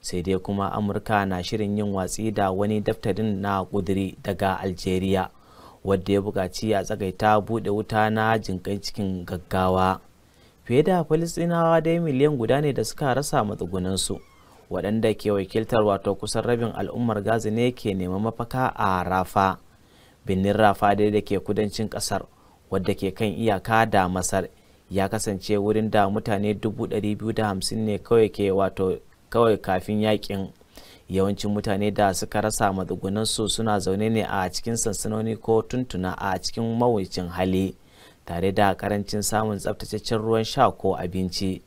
sai dai kuma amurka na shirin yin watsi da wani daftarin na ƙuduri daga algeria wadda ya buƙaci a tsagaita buɗe wuta na jinƙai cikin gaggawa fiye da falistinawa dai miliyan guda ne da suka rasa matsugunansu waɗanda ke wakiltar wato kusan rabin al'ummar gaza ne ke neman mafaka a rafa birnin rafa dai da ke kudancin ƙasar wadda ke kan iyaka da masar ya kasance wurin da mutane 250 ne kawai ke wato kawai kafin yakin yawancin mutane da suka rasa matsugunan su suna zaune ne a cikin sansanoni ko tuntuna a cikin mawucin hali tare da karancin samun tsaftataccen ruwan sha ko abinci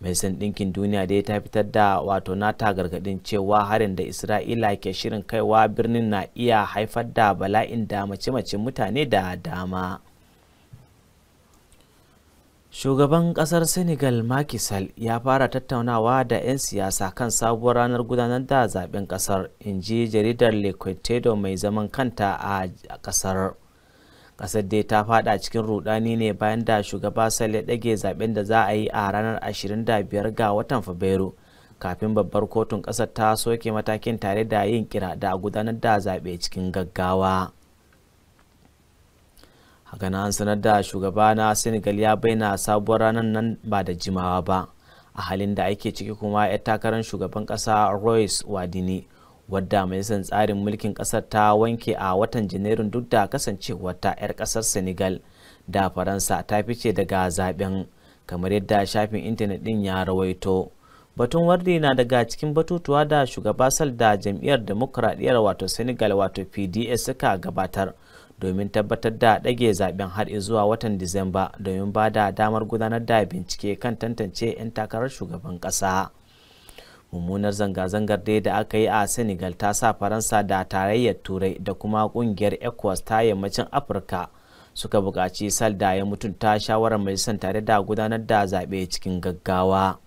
mai san ɗinkin duniya da ta fitar da wato nata gargaɗin cewa harin da isra'ila ke shirin kaiwa birnin na iya haifar da bala'in da mace mace mutane da dama shugaban ƙasar senegal makisal ya fara tattaunawa da 'yan siyasa kan sabuwar ranar gudanar da zaben ƙasar in ji jaridar le mai zaman kanta a ƙasar kasar dai ta fada cikin rudani ne bayan da shugaba sale ya dage zaben da za a yi a ranar 25 ga watan fabrairu kafin babbar kotun kasar ta soke matakin tare da yin kira da gudanar da zaɓe cikin gaggawa haka na an sanar da shugaba na senegal ya bayyana sabuwar ranar nan ba da jimawa ba a halin da ake ciki kuma 'ya takarar shugaban ƙasa royce wadini wadda majalisar tsarin mulkin kasar ta wanke a watan janairun duk da kasancewar ta 'yar kasar senegal da faransa ta fice daga zaben kamar yadda shafin intanet din ya rawaito batun wardi na daga cikin batutuwa da shugaba sal da jam'iyyar demokuraɗiyar wato senegal wato pds suka gabatar domin tabbatar da ɗage zaben har zuwa watan disamba domin ba da damar gudanar da bincike kan tantance 'yan takarar shugaban ƙasa. mummunar zanga-zangar dai da aka yi a senegal ta sa faransa da tarayyar turai da kuma kungiyar ecowas ta yammacin afirka suka buƙaci salda ya mutunta shawarar majalisar tare da gudanar da zaɓe cikin gaggawa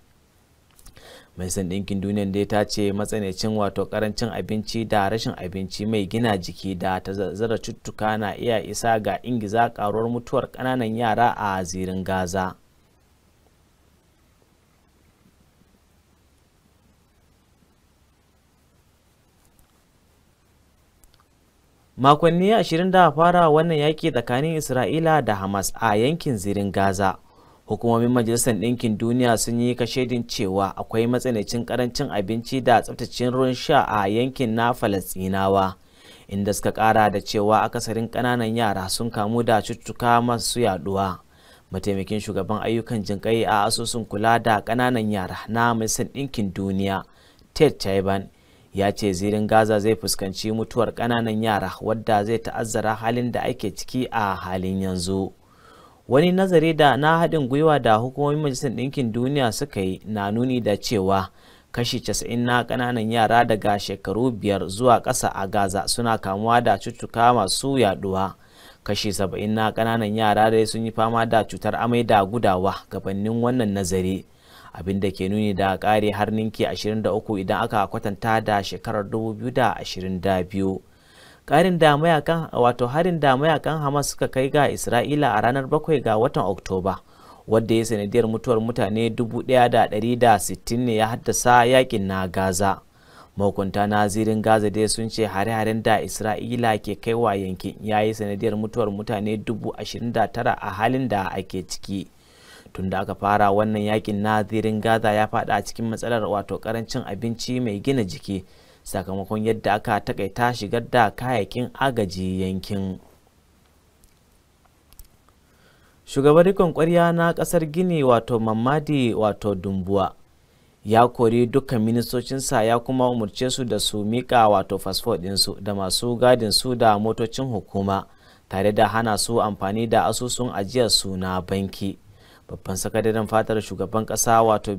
majalisar ɗinkin duniya dai ta ce matsanancin wato karancin abinci da rashin abinci mai gina jiki da tazazzara cuttuka na iya isa ga ingiza karuwar mutuwar ƙananan yara a zirin gaza makonni ashirin da fara wannan yaki tsakanin isra'ila da hamas a yankin zirin gaza hukumomin majalisar ɗinkin duniya sun yi kashedin cewa akwai matsanancin karancin abinci da tsabtacin ruwan sha a yankin na falasinawa inda suka kara da cewa akasarin ƙananan yara sun kamu da cututtuka masu yaduwa mataimakin shugaban ayyukan jinƙai a asusun kula da ƙananan yara na majalisar ɗinkin duniya ted chaiban ya ce zirin gaza zai fuskanci mutuwar kananan yara wadda zai ta'azzara halin da ake ciki a halin yanzu wani nazari da na haɗin gwiwa da hukumomin majalisar ɗinkin duniya suka yi na nuni da cewa kashi 90 na kananan yara daga shekaru biyar zuwa ƙasa a gaza suna kamuwa da cutuka masu yaduwa kashi 70 na kananan yara dai sun yi fama da cutar amai da gudawa gabanin wannan nazari abin da ke nuni da kare har ninki 23 idan aka kwatanta da shekarar 2022 karin da mayakan wato harin da mayakan hamas suka kai ga isra'ila a ranar 7 ga watan oktoba wadda ya sanadiyar mutuwar mutane 1,160 ne ya haddasa yakin na gaza mahukunta nazirin gaza dai sun ce hare-haren da isra'ila ke kaiwa yankin ya yi sanadiyar mutuwar mutane 29 a halin da ake ciki tun da aka fara wannan yakin nazirin gaza ya fada a cikin matsalar wato karancin abinci mai gina jiki sakamakon yadda aka takaita shigar da kayayyakin agaji yankin shugaban rikon kwarya na kasar gini wato mamadi wato dumbuwa ya kori dukkan ministocinsa ya kuma umarce su da su mika wato fasfo ɗinsu da masu gadin su da motocin hukuma tare da hana su amfani da asusun ajiyar su na banki babban sakadaren fatar shugaban kasa wato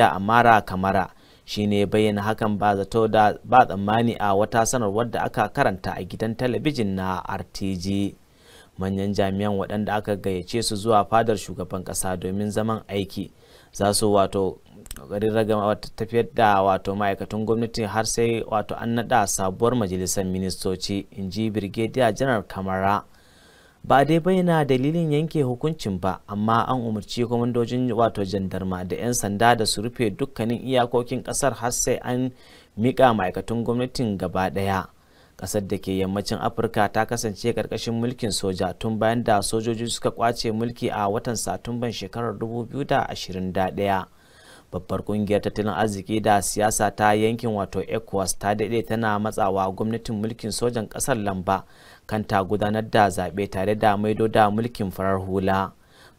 a mara kamara shine ya bayyana hakan ba zato da ba tsammani a wata sanarwar da aka karanta a gidan talabijin na rtg manyan jami'an waɗanda aka gayyace su zuwa fadar shugaban kasa domin zaman aiki za su wato ƙoƙarin raga tafiyar da wato ma'aikatan gwamnati har sai wato an naɗa sabuwar majalisar ministoci in ji birgediya janar kamara ba dai bayyana dalilin yanke hukuncin ba amma an umarci kwamandojin wato jandarma da 'yan sanda da su rufe dukkanin iyakokin kasar har sai an miƙa ma'aikatan gwamnatin gaba ɗaya ƙasar da ke yammacin afirka ta kasance ƙarƙashin mulkin soja tun bayan da sojoji suka kwace mulki a watan satumban shekarar 2021 babbar kungiyar tattalin arziki da siyasa ta yankin wato ecowas ta daɗe tana matsawa gwamnatin mulkin sojan ƙasar lamba kan ta gudanar da zaɓe tare da maido da mulkin farar hula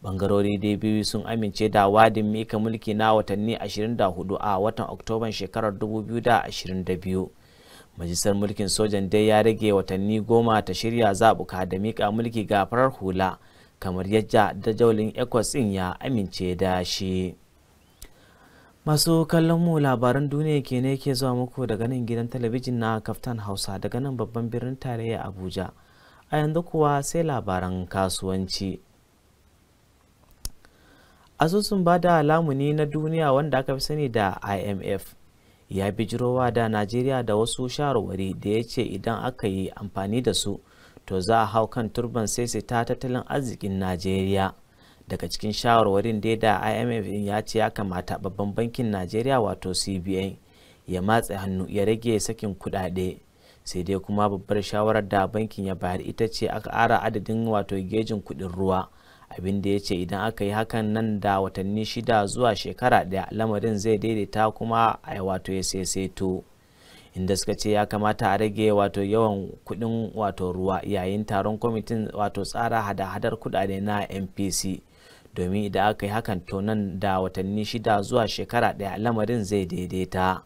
bangarori dai biyu sun amince da wadin mika mulki na watanni 24 a watan oktoban shekarar 2022 majalisar mulkin sojan dai ya rage watanni goma ta shirya zaɓuka da mika mulki ga farar hula kamar yadda dajawalin ecos ya amince da shi. masu kallon mu labaran duniya ke ne ke zuwa muku daga nan gidan talabijin na kaftan hausa daga nan babban birnin tarayya abuja a yanzu kuwa sai labaran kasuwanci asusun ba da lamuni na duniya wanda aka fi sani da imf ya bijirowa da najeriya da wasu shawarwari da ya ce idan aka yi amfani da su to za a hau kan turban sai ta tattalin arzikin najeriya daga cikin shawarwarin da da imf ya ce ya kamata babban bankin najeriya wato cbn ya matse hannu ya rage sakin kudade sai dai kuma babbar shawarar da bankin ya bayar ita ce aka ara adadin wato gejin kudin ruwa abin da ya ce idan aka yi hakan nan da watanni shida zuwa shekara daya lamarin zai daidaita kuma a wato ya saito inda suka ce ya kamata a rage wato yawan kudin wato ruwa yayin taron kwamitin wato tsara hada-hadar kudade na mpc domin idan aka yi hakan to nan da watanni shida zuwa shekara daya lamarin zai daidaita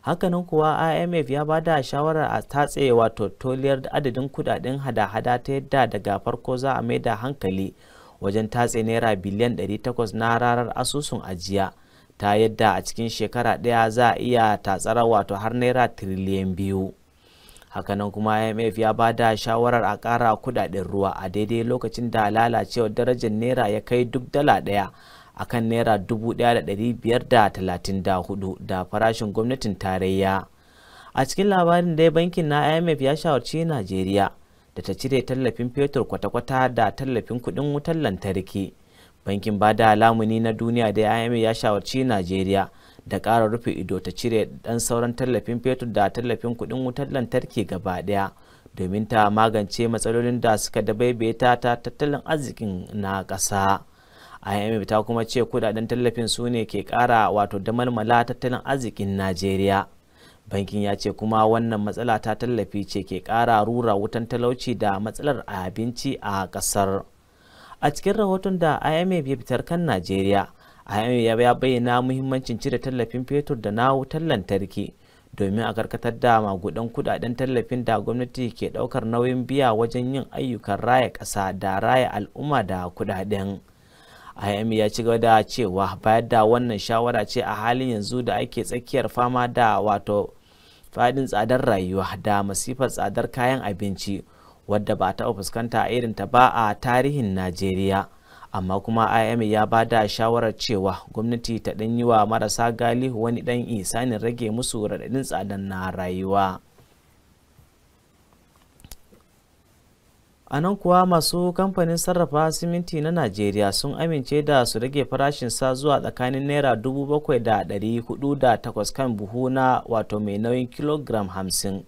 hakanan kuwa imf ya bada shawarar a tatse wato toliyar adadin kudaden hada-hada ta yadda daga farko za a mai da hankali wajen tatse naira biliyan 800 na ranar asusun ajiya ta yadda a cikin shekara daya za a iya tatsara wato har naira tiriliyan biyu hakanan kuma imf ya ba da shawarar a kara kudaden ruwa a daidai lokacin da lalacewar darajar naira ya kai duk dala ɗaya a kan naira 1,534 da farashin gwamnatin tarayya a cikin labarin dai bankin na imf ya shawarci najeriya da ta cire tallafin fetur kwata-kwata da tallafin kuɗin wutar lantarki bankin ba da alamuni na duniya da imf ya shawarci najeriya da ƙara rufe ido ta cire ɗan sauran tallafin fetur da tallafin kuɗin wutar lantarki gaba ɗaya domin ta magance matsalolin da suka dabaibaye ta ta tattalin arzikin na ƙasa imf ta kuma ce kudaden tallafin su ne ke ƙara wato damalmala tattalin arzikin najeriya bankin ya ce kuma wannan matsala ta tallafi ce ke ƙara rura wutan talauci da matsalar abinci a ƙasar a cikin rahoton da imf ya fitar kan najeriya a ya bayyana muhimmancin cire tallafin fetur da na wutar lantarki domin a karkatar da magudan kudaden tallafin da gwamnati ke daukar nauyin biya wajen yin ayyukan raya kasa da raya al'umma da kudaden IMF ya ci gaba da cewa bayar da wannan shawara ce a halin yanzu da ake tsakiyar fama da wato fadin tsadar rayuwa da masifar tsadar kayan abinci wadda ba ta fuskanta irin ta ba a tarihin Najeriya. amma kuma im ya ba da shawarar cewa gwamnati ta ɗan yi wa marasa galihu wani dan isanin rage musu raɗaɗin tsadan na rayuwa. a nan kuwa masu kamfanin sarrafa siminti na najeriya sun amince da su rage farashin sa zuwa tsakanin naira 7,408 kan buhu na wato mai nauyin kilogram 50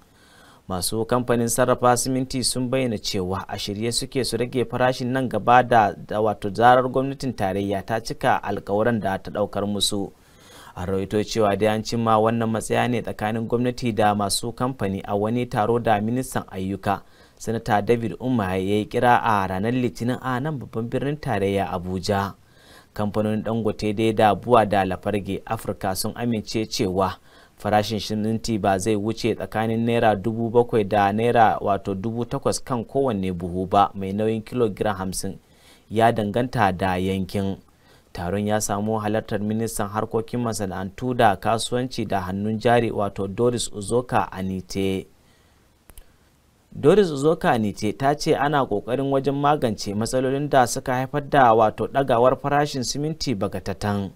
masu kamfanin sarrafa siminti sun bayyana cewa a shirye suke su rage farashin nan gaba da, wato zarar gwamnatin tarayya ta cika alkawaran da ta daukar musu a rawaito cewa da an cimma wannan matsaya ne tsakanin gwamnati da masu kamfani a wani taro da ministan ayyuka sanata david umar ya yi kira a ranar litinin a nan babban birnin tarayya abuja kamfanonin dangote dai da buwa da lafarge afirka sun amince cewa farashin siminti ba zai wuce tsakanin naira dubu bakwai da naira wato dubu takwas kan kowanne buhu ba mai nauyin kilogiram hamsin ya danganta da yankin taron ya samu halartar ministan harkokin masana'antu da kasuwanci da hannun jari wato doris uzoka anite doris uzoka anite ta ce ana kokarin wajen magance matsalolin da suka haifar da wato dagawar farashin siminti bagatatan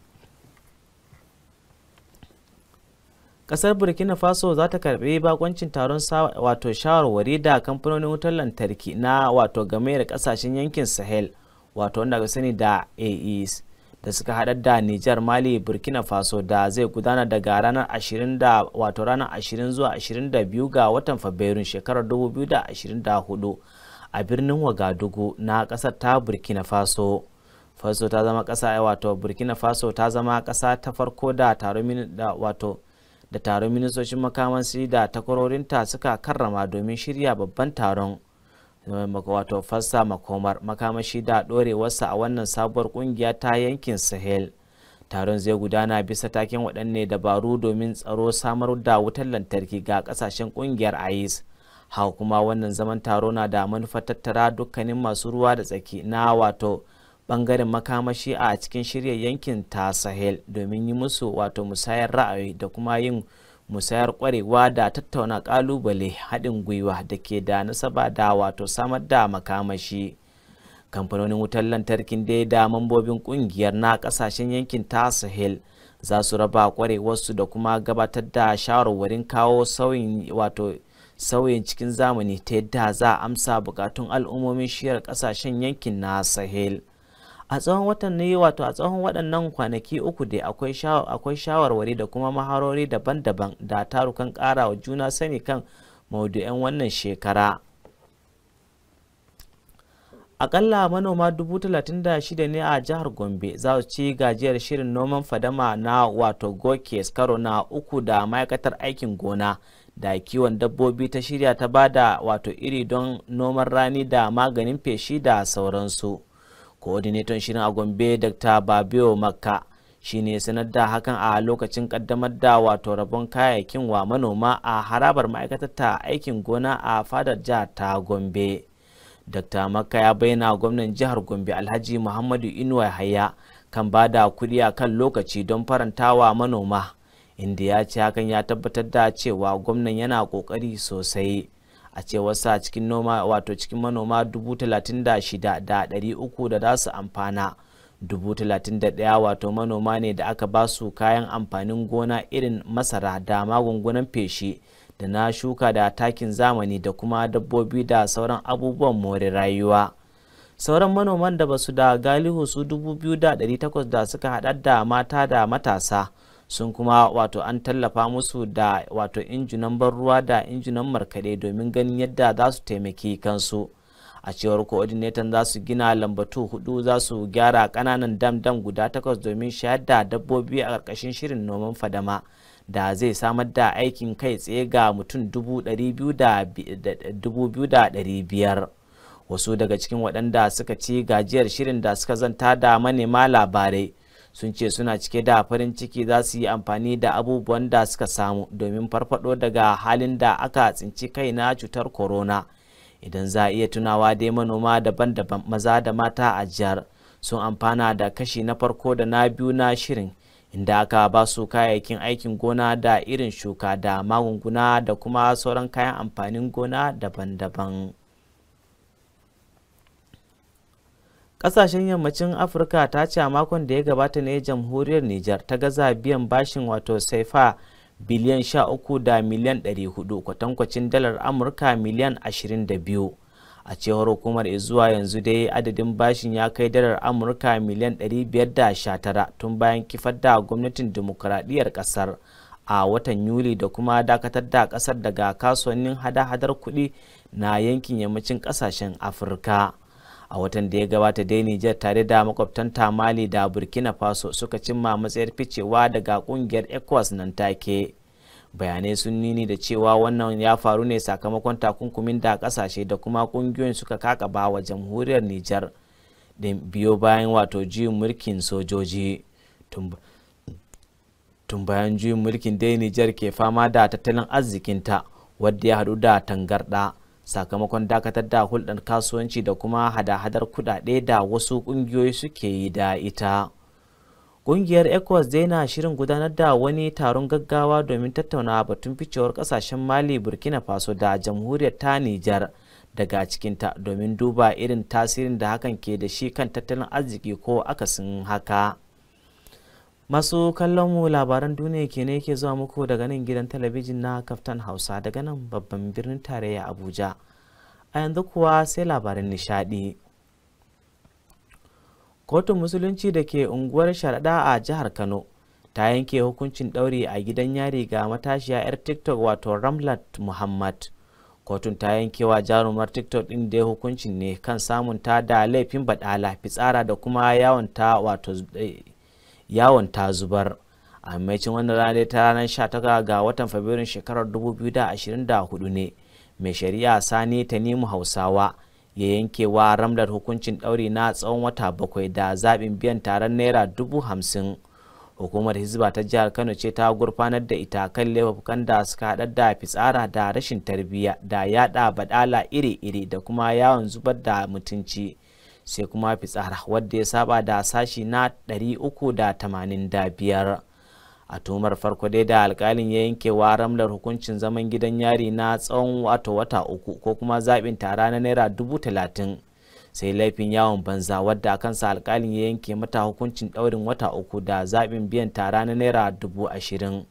kasar burkina faso za ta karbi bakoncin taron wato shawarwari da kamfanonin wutar lantarki na wato da kasashen yankin sahel wato wanda ga sani da aes da suka hada da nijar mali burkina faso da zai gudana daga ranar 20 da wato ranar 20 zuwa 22 ga watan fabrairun shekarar 2024 a birnin wagadugu na kasar ta burkina faso faso ta zama kasa wato burkina faso ta zama kasa ta farko da taron wato da taron ministocin makaman siri da takwarorinta suka karrama domin shirya babban taron wato fassa makomar makamashi da ɗorewarsa a wannan sabuwar ƙungiya ta yankin sahel taron zai gudana bisa taken waɗanne dabaru domin tsaro samar da wutar lantarki ga ƙasashen ƙungiyar ais haka kuma wannan zaman taro na da manufar tattara dukkanin masu ruwa da tsaki na wato bangaren makamashi a cikin shirya yankin ta sahel domin yi musu wato musayar ra'ayi da kuma yin musayar kwarewa da tattauna kalubale haɗin gwiwa da ke da nasaba da wato samar da makamashi kamfanonin wutar lantarkin dai da mambobin kungiyar na kasashen yankin ta sahel za su raba kwarewarsu da kuma gabatar da shawarwarin kawo sauyin wato sauyin cikin zamani ta yadda za a amsa bukatun al'ummomin shiyar kasashen yankin na sahel a tsawon watan ne wato a tsawon waɗannan kwanaki uku da akwai shawarwari da kuma maharori daban-daban da tarukan ƙara wa juna sani kan maudu'in wannan shekara akalla manoma 36,000 ne a jihar gombe za su ci gajiyar shirin noman fadama na wato gokes karo na uku da ma'aikatar aikin gona da kiwon dabbobi ta shirya ta bada wato iri don noman rani da maganin feshi da sauransu. coordinator shirin a gombe dr babio makka shine sanar da hakan a lokacin kaddamar da wato rabon kayayyakin wa manoma a harabar ma'aikatar ta aikin gona a fadar jihar ta gombe dr makka ya bayyana gwamnan jihar gombe alhaji muhammadu inuwa haya kan ba da kuɗi a kan lokaci don farantawa manoma inda ya ce hakan ya tabbatar da cewa gwamnan yana ƙoƙari sosai a cewar sa cikin noma wato cikin manoma dubu talatin da shida da ɗari uku da za su amfana dubu talatin da ɗaya wato manoma ne da aka ba su kayan amfanin gona irin masara da magungunan feshi da na shuka da takin zamani da kuma dabbobi da sauran abubuwan more rayuwa sauran manoman da ba su da galihu su 2,800 da suka haɗar da mata da matasa sun kuma wato an tallafa musu da wato injunan ban ruwa da injunan markaɗe domin ganin yadda za su taimaki kansu a cewar coordinator za su gina lambatu hudu za su gyara kananan dam-dam guda takwas domin shayar da dabbobi a ƙarƙashin shirin noman fadama da zai samar da aikin kai tsaye ga mutum biyar. wasu daga cikin waɗanda suka ci gajiyar shirin da suka zanta da manema labarai sun ce suna cike da farin ciki za su yi amfani da abubuwan da suka samu domin farfado daga halin da aka tsinci kai na cutar corona idan za a iya tunawa dai manoma daban-daban maza da mata a jihar sun amfana da kashi na farko da na biyu na shirin inda aka ba su kayayyakin aikin gona da irin shuka da magunguna da kuma sauran kayan amfanin gona daban-daban. kasashen yammacin afirka ta ce a makon da ya gabata ne jamhuriyar niger ta gaza biyan bashin wato saifa biliyan 13 da miliyan 400 kwatankwacin dalar amurka miliyan 22 a cewar hukumar izuwa yanzu dai adadin bashin ya kai dalar amurka miliyan 519 tun bayan kifar da gwamnatin demokuraɗiyyar kasar a watan yuli da kuma dakatar da kasar daga kasuwannin hada-hadar kuɗi na yankin yammacin kasashen afirka a watan da ya gabata dai Nijar tare da makwabtanta Mali da Burkina Faso suka cimma matsayar ficewa daga kungiyar ECOWAS nan take. Bayanai sun nini da cewa wannan ya faru ne sakamakon takunkumin da kasashe da kuma kungiyoyin suka kaka ba wa jamhuriyar Nijar da biyo bayan wato juyin mulkin sojoji. Tun bayan juyin mulkin dai Nijar ke fama da tattalin arzikinta wadda ya hadu da tangarɗa. sakamakon dakatar da hulɗar kasuwanci da kuma hada-hadar kudade da wasu ƙungiyoyi suke yi da ita ƙungiyar ecowas dai na shirin gudanar da wani taron gaggawa domin tattauna batun ficewar ƙasashen mali burkina faso da jamhuriyar ta nijar daga cikinta domin duba irin tasirin da hakan ke da shi kan tattalin arziki ko akasin haka. masu kallon mu labaran duniya ne ke zuwa muku daga nan gidan talabijin na kaftan hausa daga nan babban birnin tarayya abuja a yanzu kuwa sai labarin nishadi kotun musulunci da ke unguwar sharaɗa a jihar kano ta yanke hukuncin ɗauri a gidan yari ga matashiya 'yar tiktok wato ramlat muhammad kotun ta yankewa jarumar tiktok ɗin da hukuncin ne kan samun ta da laifin baɗala fitsara da kuma yawon ta wato eh, yawon ta zubar a maimacin wannan rana ta ranar 18 ga watan fabrairun shekarar 2024 ne mai shari'a sani tanimu hausawa ya yanke wa ramlar hukuncin ɗauri na tsawon wata bakwai da zaɓin biyan taron naira dubu hamsin hukumar hizba ta jihar kano ce ta gurfanar da ita kan laifukan da suka haɗar da fitsara da rashin tarbiyya da yaɗa baɗala iri-iri da kuma yawon zubar da mutunci sai kuma fitsara wadda ya saba da sashi na 385 a tumar farko dai da alkalin ya yanke wa ramlar hukuncin zaman gidan yari na tsawon wato wata uku ko kuma zaɓin tara na naira dubu talatin sai laifin yawon banza wadda a kansa alkalin ya yanke mata hukuncin ɗaurin wata uku da zaɓin biyan tara na naira dubu ashirin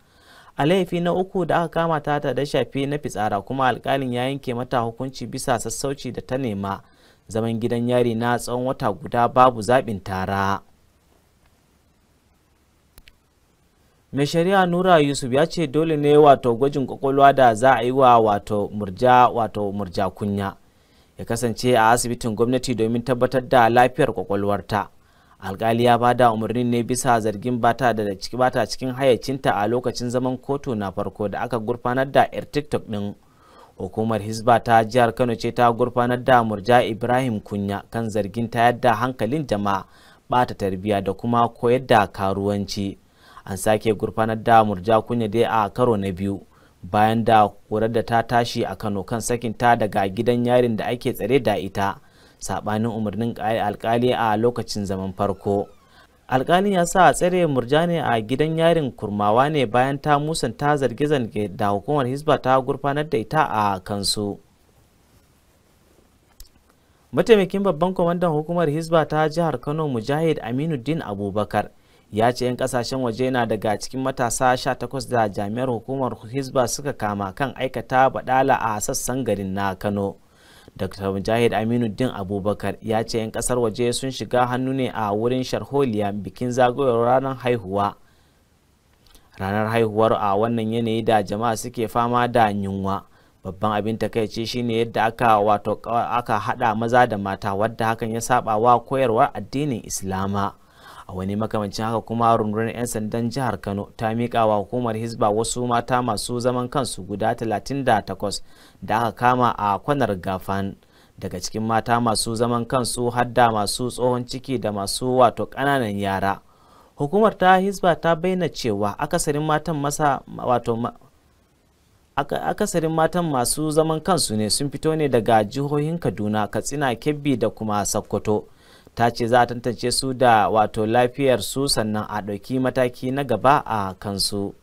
a laifi na uku da aka kama ta da shafe na fitsara kuma alkalin ya yanke mata hukunci bisa sassauci da ta nema zaman gidan yari na tsawon wata guda babu zaɓin tara mai shari'a nura yusuf ya ce dole ne wato gwajin kwakwalwa da za a yi wa wato murja wato murja kunya ya kasance a asibitin gwamnati domin tabbatar da lafiyar kwakwalwarta alkali ya bada umarnin ne bisa zargin bata da bata cikin hayacinta a lokacin zaman kotu na farko da aka gurfanar da yar tiktok din hukumar hisba ta jihar kano ce ta gurfanar da murja ibrahim kunya kan zargin ta yadda hankalin jama'a bata tarbiyya da kuma koyar da karuwanci an sake gurfanar da murja kunya dai a karo na biyu bayan da kurar da ta tashi a kano kan sakin ta daga gidan yarin da ake tsare da ita sabanin umarnin alkali a lokacin zaman farko alkalin ya sa a tsare murjani a gidan yarin kurmawa ne bayan ta musanta zarge-zarge da hukumar hisba ta gurfanar da ita a kansu mataimakin babban kwamandan hukumar hisba ta jihar kano mujahid aminuddin abubakar ya ce 'yan kasashen waje na daga cikin matasa 18 da jami'ar hukumar hisba suka kama kan aikata badala a sassan garin na kano dr mujahid aminu Din abubakar ya ce 'yan ƙasar waje sun shiga hannu ne a wurin sharholiya bikin zagayowar ranar haihuwa ranar haihuwar a wannan yanayi da jama'a suke fama da yunwa babban abin takaici shine yadda aka wato aka hada maza da mata wadda hakan ya saba wa koyarwar addinin islama a wani makamancin haka kuma rundunar 'yan sandan jihar kano ta miƙa wa hukumar hisba wasu mata masu zaman kansu guda 38 da aka kama a kwanar gafan daga cikin mata masu zaman kansu hadda masu tsohon ciki da masu wato ƙananan yara hukumar ta hisba ta bayyana cewa akasarin matan masa wato akasarin matan masu zaman kansu ne sun fito ne daga jihohin kaduna katsina kebbi da kuma sokoto ta ce za a tantance su da wato lafiyar su sannan a ɗauki mataki na gaba a kansu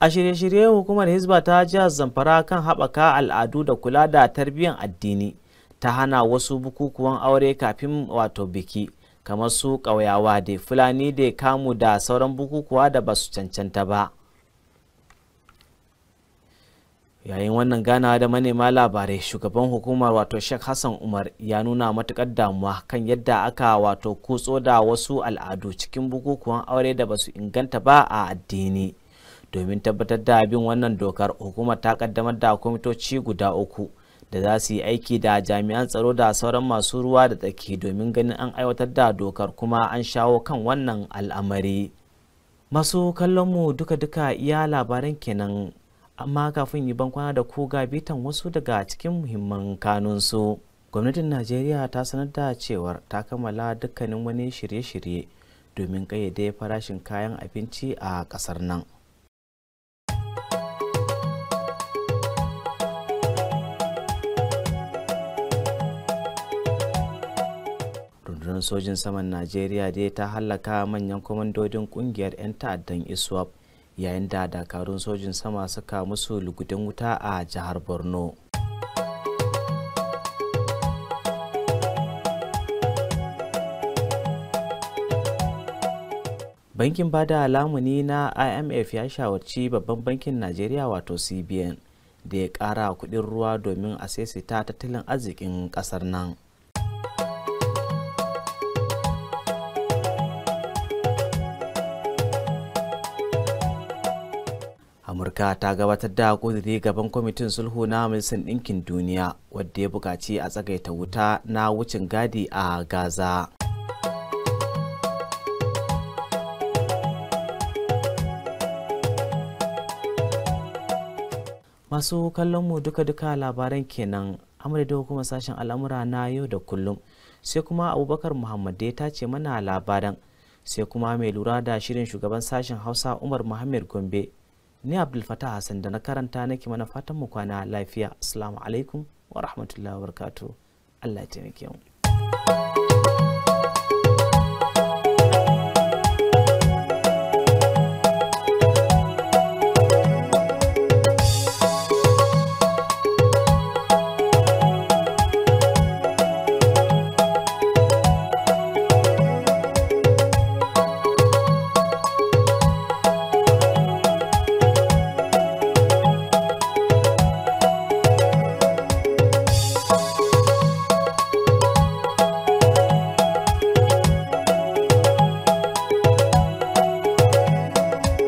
a shirye shiryen hukumar hisba ta jihar zamfara kan haɓaka al'adu da kula da tarbiyyar addini ta hana wasu bukukuwan aure kafin wato biki kamar su ƙauyawa da fulani da kamu da sauran bukukuwa da ba su cancanta ba. yayin wannan ganawa da manema labarai shugaban hukumar wato shek hassan umar ya nuna matukar damuwa kan yadda aka wato kutso da wasu al'adu cikin bukukuwan aure da basu inganta ba a addini domin tabbatar da bin wannan dokar hukumar ta kaddamar da kwamitoci guda uku da za su yi aiki da jami'an tsaro da sauran masu ruwa da tsaki domin ganin an aiwatar da dokar kuma an shawo kan wannan al'amari masu kallon mu duka-duka iya labaran kenan amma kafin yi bankwana da ku ga bitan wasu daga cikin muhimman kanunsu gwamnatin najeriya ta sanar da cewar ta kammala dukkanin wani shirye-shirye domin kayyade farashin kayan abinci a kasar nan rundunar sojin saman najeriya dai ta hallaka manyan kwamandodin kungiyar 'yan ta'addan iswap yayin da dakarun sojin sama suka musu lugudin wuta a jihar borno bankin bada lamuni na imf ya shawarci babban bankin najeriya wato cbn da ya kara kudin ruwa domin a ta tattalin arzikin kasar nan amurka ta gabatar da kudiri gaban kwamitin sulhu na majalisar ɗinkin duniya wadda ya buƙaci a tsagaita wuta na wucin gadi a gaza masu kallon mu duka-duka labaran kenan amurda hukumar sashen al'amura na yau da kullum sai kuma abubakar muhammad da ya tace mana labaran sai kuma mai lura da shirin shugaban sashen hausa umar muhammad gombe ni abdul fatah hassan da na karanta nake mana fatan mu kwana lafiya assalamu alaikum wa rahmatullahi wa barakatuh allah ya taimake mu